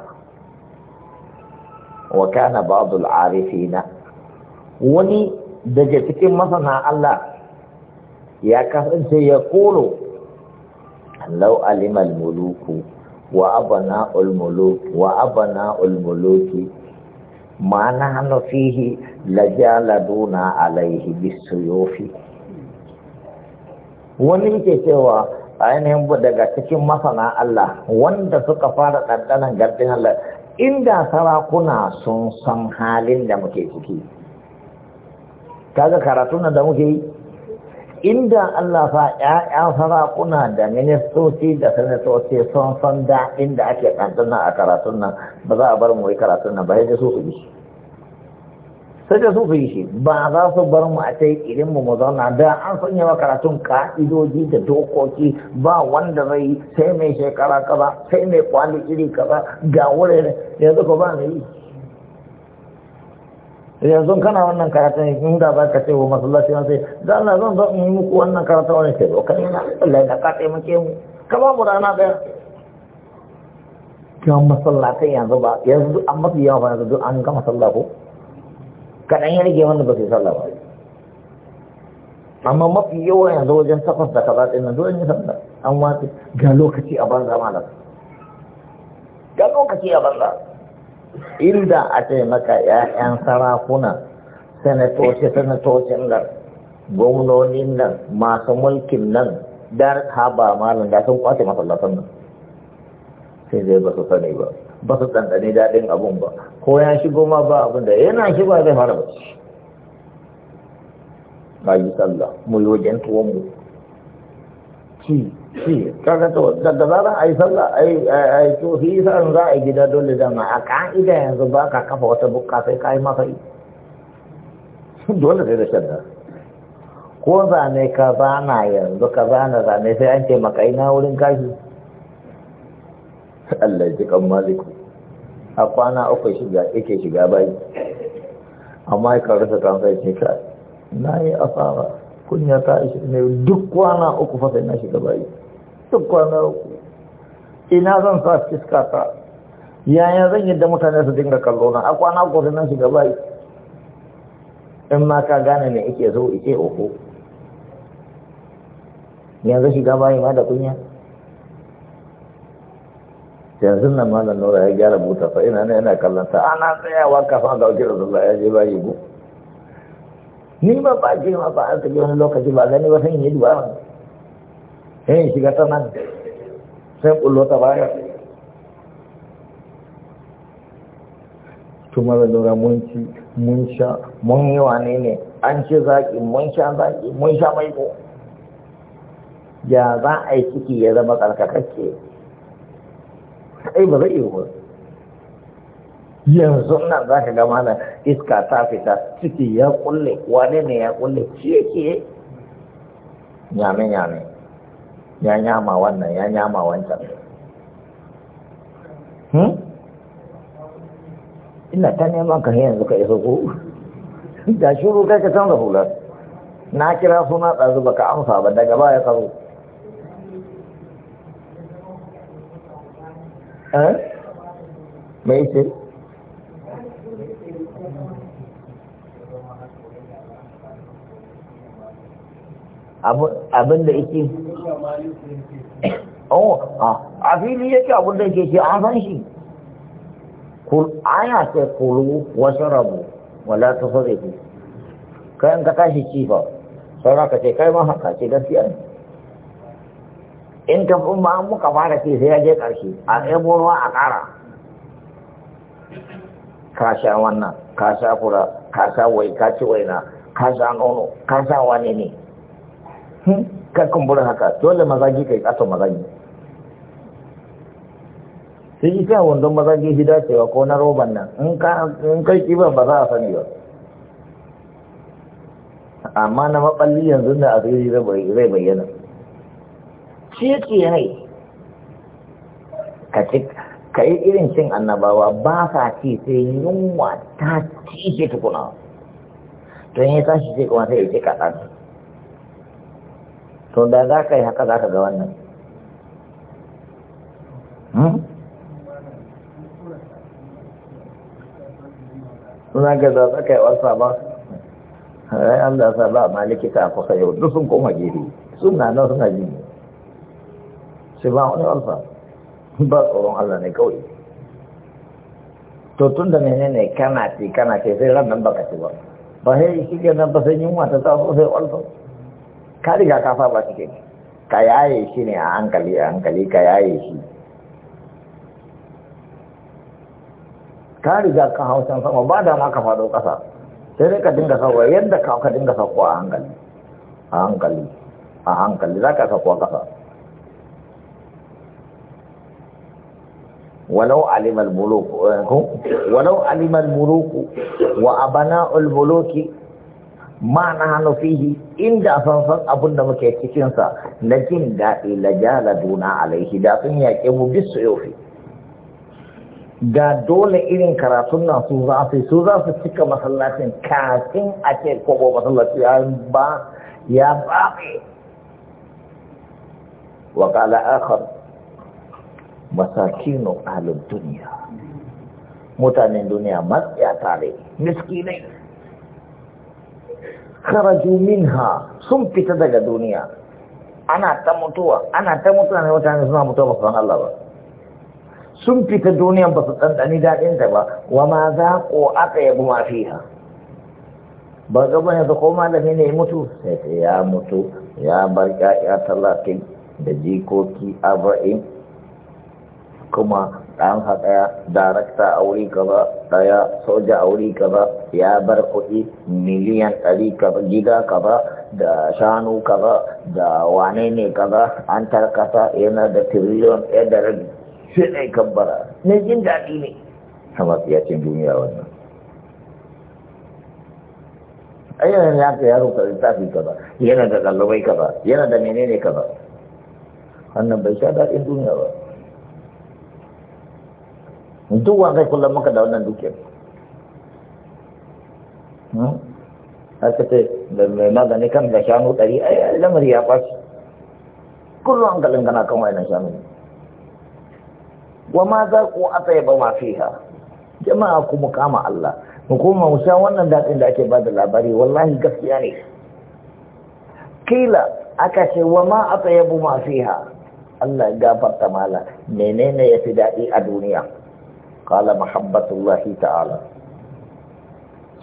wa kana ba'dul arifina wani daga cikin masana Allah ya kasance ya kolo lau alimal muluku wa abana ulmuluki wa abana ulmuluki ma nahnu fihi alaihi wani ke cewa ainihin daga cikin masana Allah wanda suka fara ɗanɗanan gardin Allah inda sarakuna sun san halin da muke ciki kaga karatun da muke yi inda Allah sa 'ya'ya' sarakuna da ministoci da sanatoci sun san da inda ake ɗanɗana a karatun nan ba za a bar mu yi karatun nan ba yadda su su bi sai da su fi shi ba za su bar mu a sai irin mu zauna da an sanya wa karatun ka'idoji da dokoki ba wanda zai yi sai mai shekara kaza sai mai kwali iri kaza ga ne, yanzu ko ba mai yi yanzu kana wannan karatun in da za ka ce wa masallaci sai da Allah zan zo in yi muku wannan karatun wani ke zo kan yana Allah da ka taimake mu ka ba mu rana daya kan masallatai yanzu ba yanzu an mafi yawa yanzu an ga masallako kaɗan ya rage wanda ba su yi sallah ba amma mafi yawa yanzu wajen takwas da kaza ɗin na dole ne sallah an wasu ga lokaci a banza malam ga lokaci a banza inda a ce maka ƴaƴan sarakuna sanatoci sanatocin nan gwamnonin nan masu mulkin nan dar haba malam da sun kwace masallatan nan sai zai ba su sani ba ba su ɗanɗane daɗin abun ba ko ya shigo ma ba abin da yana shigo zai fara shi ba yi sallah mu yi wajen tuwon mu ci ci kaga to daga zaran a yi sallah a yi to shi sa'an za a yi gida dole dama a ka'ida yanzu ba ka kafa wata bukka sai ka yi masa yi dole sai da shanda ko zane ka zana yanzu ka zana zane sai an ce maka ina wurin kashi Allah ya ji kan maliku a kwana uku shiga yake shiga bayi amma ya karasa kansa ce ka na yi asara kunya ta ishe ne duk kwana uku fasa na shiga bayi duk kwana uku ina zan sa fiska ta yaya zan yadda mutane su dinga kallo na a kwana uku sai na shiga bayi in ma ka gane ne ike so ike oho yanzu shiga bayi ma da kunya yanzu nan malam nura ya gyara buta fa ina ne yana kallon sa ana tsayawa kafin ga wajen rasulullah ya je ba yi bu ni ba ba ce ma ba an tafi wani lokaci ba gani ba san yi duba sai shiga ta nan sai kullo ta baya to malam nura mun ci mun sha mun yi wane ne an ce zaki mun sha zaki mun sha maiko ya za a yi ciki ya zama tsarkakakke kai ba zai iya yanzu nan za ka gama na iska ta fita ciki ya kulle wane ne ya kulle ciye ciye nyame nyame ya nyama wannan ya nyama wancan hmm? ina ta neman ka yanzu ka iso ko da shuru kai ka canza hular na kira suna ba baka amsa ba daga baya ka zo mai ce abin da yake oh a fili yake abin da ke ce an san shi aya ce kulu wasu rabu wala ta sore ke kayan ka tashi cifa saura ka ce kai ma haka ce gaskiya ne in tafin ba an muka fara ke sai ya je ƙarshe a ɗebo ruwa a ƙara ka sha wannan ka sha fura ka sha wai ka ci waina ka sha nono ka sha wane ne hmm? kan kumbura haka dole mazaji kai ƙasa mazagi sai ita wandon mazaji shi dacewa ko na roban nan in kai kiba ba za a sani ba amma na maɓalli yanzu da asiri zai bayyana sheke rai ka ci ka yi irin cin annabawa ba sa ci sai yunwa ta ci ce tukuna to ya shi sai kuma sai ya ci kaɗan to da za ka yi haka za ka ga wannan hmm? suna ga za ka yi wasa ba rai an da sa ba ma likita a kusa yau duk sun koma gere suna nan suna jini sai ba wani alfa ba tsoron Allah ne kawai to tun da menene kana ce kana ce sai ran nan baka ce ba ba sai shi ke nan ba sai yunwa ta taso sai alfa ka riga ka saba shi ka yaye shi ne a hankali a hankali ka yaye shi ka riga ka hausan sama ba da ma ka faɗo ƙasa sai dai ka dinga sauwa yadda ka dinga sauwa a hankali a hankali a hankali za ka sauwa ƙasa ولو علم الملوك ولو علم الملوك وأبناء الملوك ما نحن فيه إن دا فنصد أبن مكيكتنسا لكن دا لجال دون عليه دا فنيا كمو بالسيوفي ga dole irin karatun nan su za su su za su cika masallacin kafin a ce kobo masallaci ba ya ba وقال اخر masakinu ahlud duniya mutanen duniya matsiyata tare miskinai Karaju minha sun fita daga duniya ana ta mutuwa ana ta mutuwa ne mutane suna mutuwa ba san Allah ba sun fita duniya ba su ɗanɗani daɗin ta ba wa ma za ko aka yabu ma fiha ba ga bane da ko malami ne mutu sai ya mutu ya bar ya talatin da jikoki arba'in kuma ɗansa ɗaya darakta a wuri kaza ɗaya soja a wuri kaza ya bar kuɗi miliyan ɗari kaza gida kaza da shanu kaza da wane ne kaza an tarkata yana da tiriliyon ɗaya da rabi shi ɗai kabbara ne jin daɗi ne Kama ya ce duniya wannan ayyana ya ka yaro ka littafi kaza yana da ɗalibai kaza yana da menene kaza wannan bai sha daɗin duniya ba duk wa zai kullum maka da wannan dukiyar hmm? haka ce da mai magani kan da shanu ɗari a lamari ya fashi kullum hankalin kana kan wayan shanu wa ma za ku aka yaba ma fiha jama'a ku mukama Allah mu kuma mu wannan daɗin da ake bada labari wallahi gaskiya ne kila aka ce wa ma aka yabo ma fiha Allah ya gafarta mala menene ya fi daɗi a duniya qala mahabbatullahi ta'ala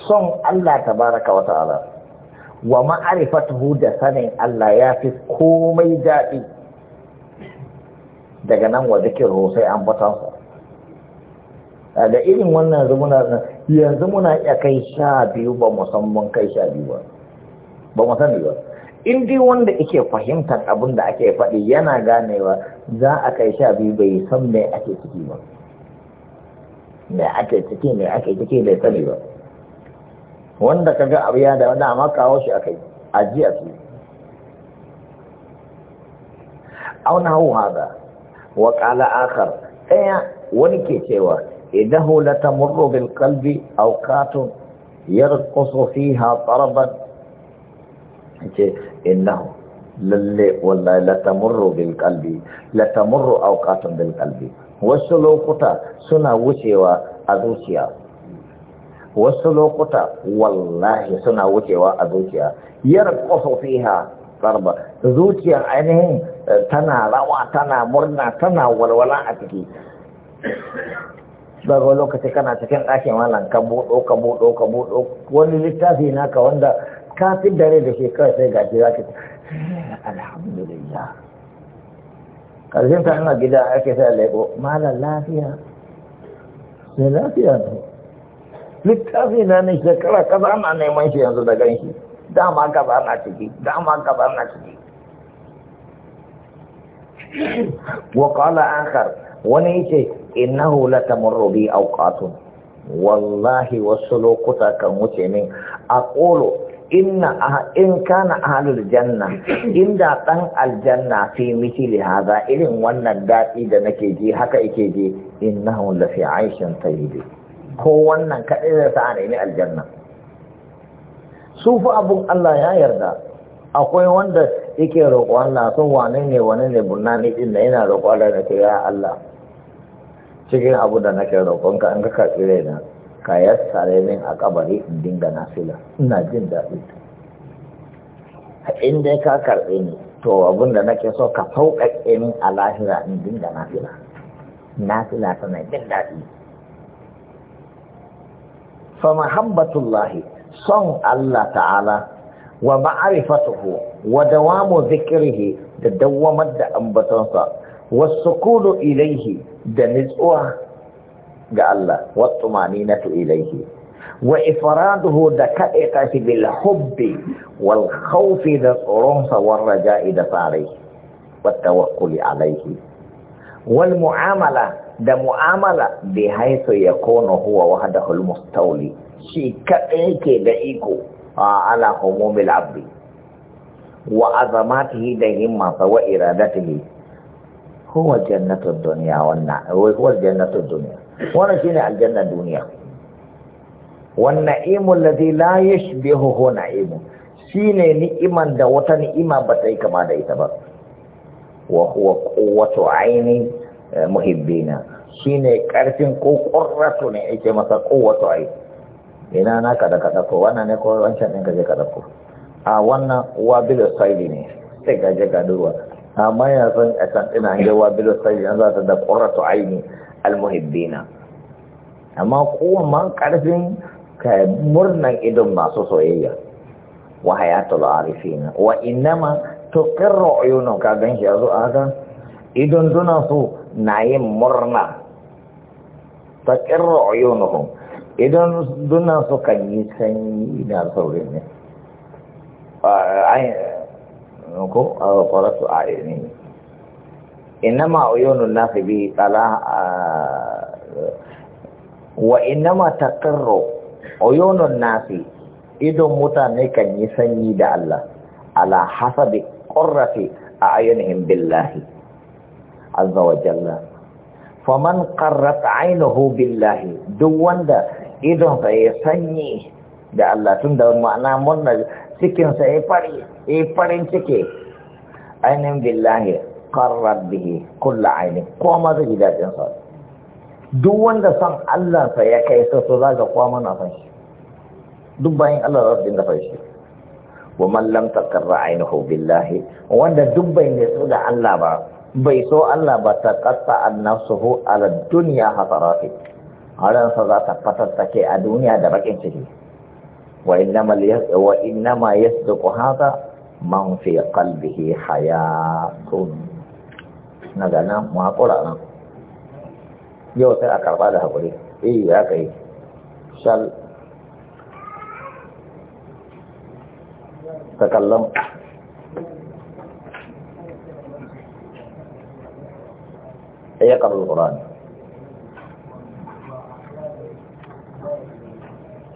son Allah tabaraka wa ta'ala wa ma'rifatuhu da sanin Allah ya fi komai daɗi daga nan wa zikiru sai an batansa da irin wannan zumuna yanzu muna iya kai sha biyu ba musamman kai sha biyu ba ba mu sani ba in dai wanda yake fahimtar abin da ake faɗi yana ganewa za a kai sha biyu bai san me ake ciki ba me ake ciki me ake ciki bai sani ba wanda ka ga abu ya da wanda amma kawo shi aka yi a su auna hau hada wa kala akhar ɗaya wani ke cewa idahu la tamurru bil qalbi awqatun yarqusu fiha taraban ce innahu lalle wallahi la tamurru bil qalbi la tamurru awqatun bil qalbi wasu lokuta suna wucewa a zuciya wasu lokuta wallahi suna wucewa a zuciya yar fiha karba zuciyar ainihin eh, tana rawa tana murna tana walwala a ciki daga lokaci kana cikin ɗakin wannan ka buɗo ka buɗo ka buɗo wani littafi naka wanda kafin dare da shekara sai gaji za ka eh, alhamdulillah ƙarshen ta ina gida ake sa laiɓo Mala lafiya mai lafiya ne littafi na ne shekara kaza na neman shi yanzu da ganshi dama kaza na ciki dama kaza na ciki wa qala akhar wani yace innahu latamurru bi awqatun wallahi wasu lokuta kan wuce min a aqulu inna in kana ahalul janna inda dan aljanna fi mithli hadha irin wannan dadi da nake ji haka yake ji innahu la fi aishin tayyib ko wannan kadai zai sa ne aljanna su fa abun Allah ya yarda akwai wanda yake roƙo Allah sun wane ne wane ne bunna ne din da yana roƙo Allah ne ya Allah cikin abu da nake roƙonka an ka karɓi na. ka yassare min a kabari in dinga na fila, ina jin daɗi in dai ka karɓe ni to abin da nake so ka sauƙaƙe min a lahira in dinga na na nafila tana jin daɗi fa mahabbatullahi son Allah ta'ala wa ma'arifatuhu wa dawamu zikirhi da dawwamar da ambatonsa wasukulu ilaihi da nitsuwa ga Allah wa tumaninatu ilaihi wa ifraduhu da kaɗe tashi bil hubbi wal khawfi da tsoron sa war raja'i da tsare wa tawakkuli alaihi wal mu'amala da mu'amala bi haisu yakunu huwa wahdahu al mustawli shi kaɗai yake da iko ala humumil abdi wa azamatihi da himma wa iradatihi huwa jannatul duniya wannan wai huwa jannatul duniya wannan shine aljannar duniya wannan na'imul ladhi la yashbihuhu na'imu shine ni'iman da wata ni'ima ba ta kama da ita ba wa huwa quwwatu aini muhibbina shine karfin ko qurratu ne yake masa quwwatu aini ina na da kada ko wannan ne ko wancan din kaje kada ko a wannan wa bil saidi ne sai gaje gaduwa amma ya san a can ina an gawa bilo sai an za ta da ƙoratu aini almuhibbina amma ko man ƙarfin ka murnan idon masu soyayya wa hayatul arifina wa innama tuqirru uyunu ka gan shi yazo aka idon duna su na yin murna tuqirru uyunuhum idan duna su kan yi sanyi da saurin ne ko qaratu a'ini innama uyunun nafi bi tala wa innama taqarru uyunun nafi idon mutane kan yi sanyi da Allah ala hasabi qurrati a'yunihim billahi azza wa jalla faman qarrat 'aynuhu billahi duk wanda idon sa ya sanyi da Allah tun da ma'ana mun cikin sa ya fari eh farin ciki ainihin billahi qarrat bihi kullu aini ko ma zai ji daɗin sa duk wanda son Allah sa ya kai sa za ga kwa na san shi duk bayan Allah za su dinga san shi wa man lam taqarra billahi wanda duk bai ne so da Allah ba bai so Allah ba ta qatta annafsuhu ala dunya hasarati haransa za ta fatattake a duniya da bakin ciki wa innama yasduqu hadha man fi qalbihi hayatun na ga nan mu hakura nan yau sai a karba da hakuri eh ya kai shal takallam ya karbi qur'ani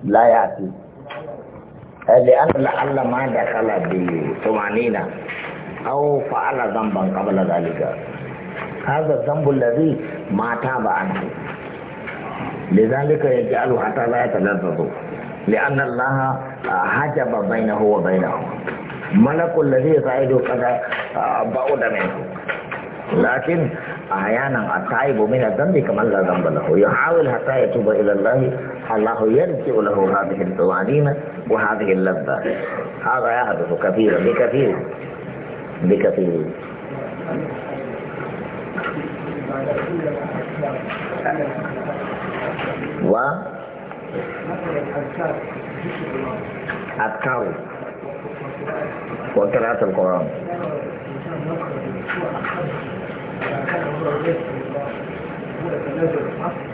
la ya'ti لأن لعل ما دخل بطمأنينة أو فعل ذنبا قبل ذلك هذا الذنب الذي ما تاب عنه لذلك يجعله حتى لا يتلذذ لأن الله حجب بينه وبينه ملك الذي يساعده قد بعد منه لكن أحيانا التائب من الذنب كمن لا ذنب له يحاول حتى يتوب إلى الله الله ينشئ له هذه الطوانين وهذه اللذة هذا يحدث كثيرا بكثير بكثير و أذكار وقراءة القرآن Thank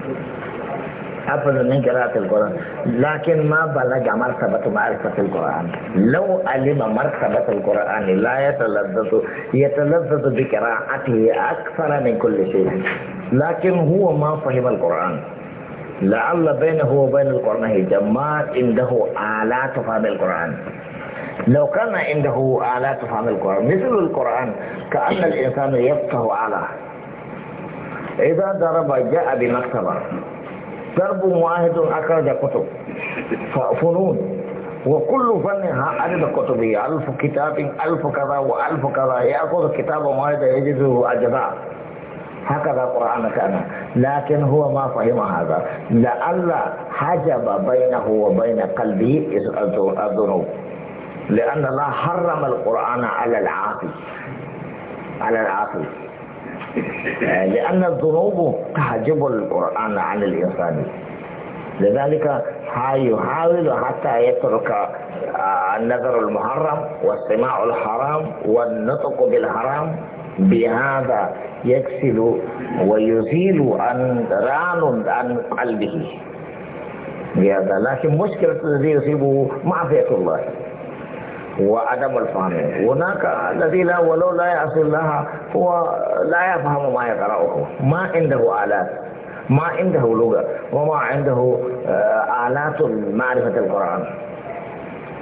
حفظ من قراءة القرآن لكن ما بلغ مرتبة معرفة القرآن لو علم مرتبة القرآن لا يتلذذ يتلذذ بقراءته أكثر من كل شيء لكن هو ما فهم القرآن لعل بينه وبين القرآن هجاب ما عنده آلات فهم القرآن لو كان عنده آلات فهم القرآن مثل القرآن كأن الإنسان يفقه على إذا ضرب جاء بمكتبة درب واحد أكاد كتب فنون وكل فنها عدد كتبه ألف كتاب ألف كذا وألف كذا يأخذ كتابا واحدا يجده أجزاء هكذا القرآن كان لكن هو ما فهم هذا لعل حجب بينه وبين قلبه الذنوب لأن الله حرم القرآن على العاقل على العاقل آه، لأن الذنوب تحجب القرآن عن الإنسان لذلك يحاول حتى يترك آه، النذر المحرم والسماع الحرام والنطق بالحرام بهذا يكسل ويزيل عن ران عن قلبه لكن مشكلة الذي يصيبه معصية الله وعدم الفهم هناك الذي لا ولو لا يعصي الله هو لا يفهم ما يقرأه ما عنده آلات ما عنده لغة وما عنده آه، آلات معرفة القرآن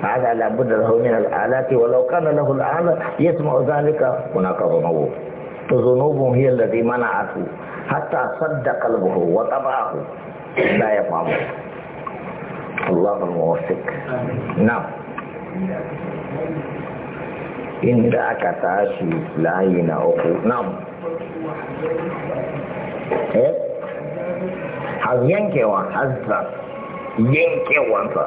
هذا لابد له من الآلات ولو كان له الآلة يسمع ذلك هناك ذنوب ذنوب هي التي منعته حتى صد قلبه وطبعه لا يفهم الله الموفق نعم inda aka tashi layi na uku nam eh har yankewa ba yankewansa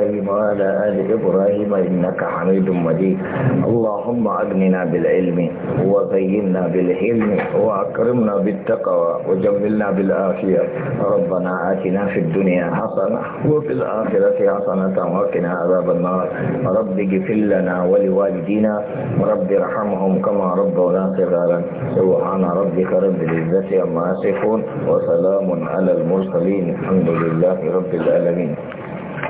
إبراهيم وعلى آل إبراهيم إنك حميد مجيد اللهم أغننا بالعلم وزيننا بالحلم وأكرمنا بالتقوى وجملنا بالآخرة ربنا آتنا في الدنيا حسنة وفي الآخرة حسنة وقنا عذاب النار رب اغفر لنا ولوالدينا رب ارحمهم كما ربونا صغارا سبحان ربك رب العزة عما يصفون وسلام على المرسلين الحمد لله رب العالمين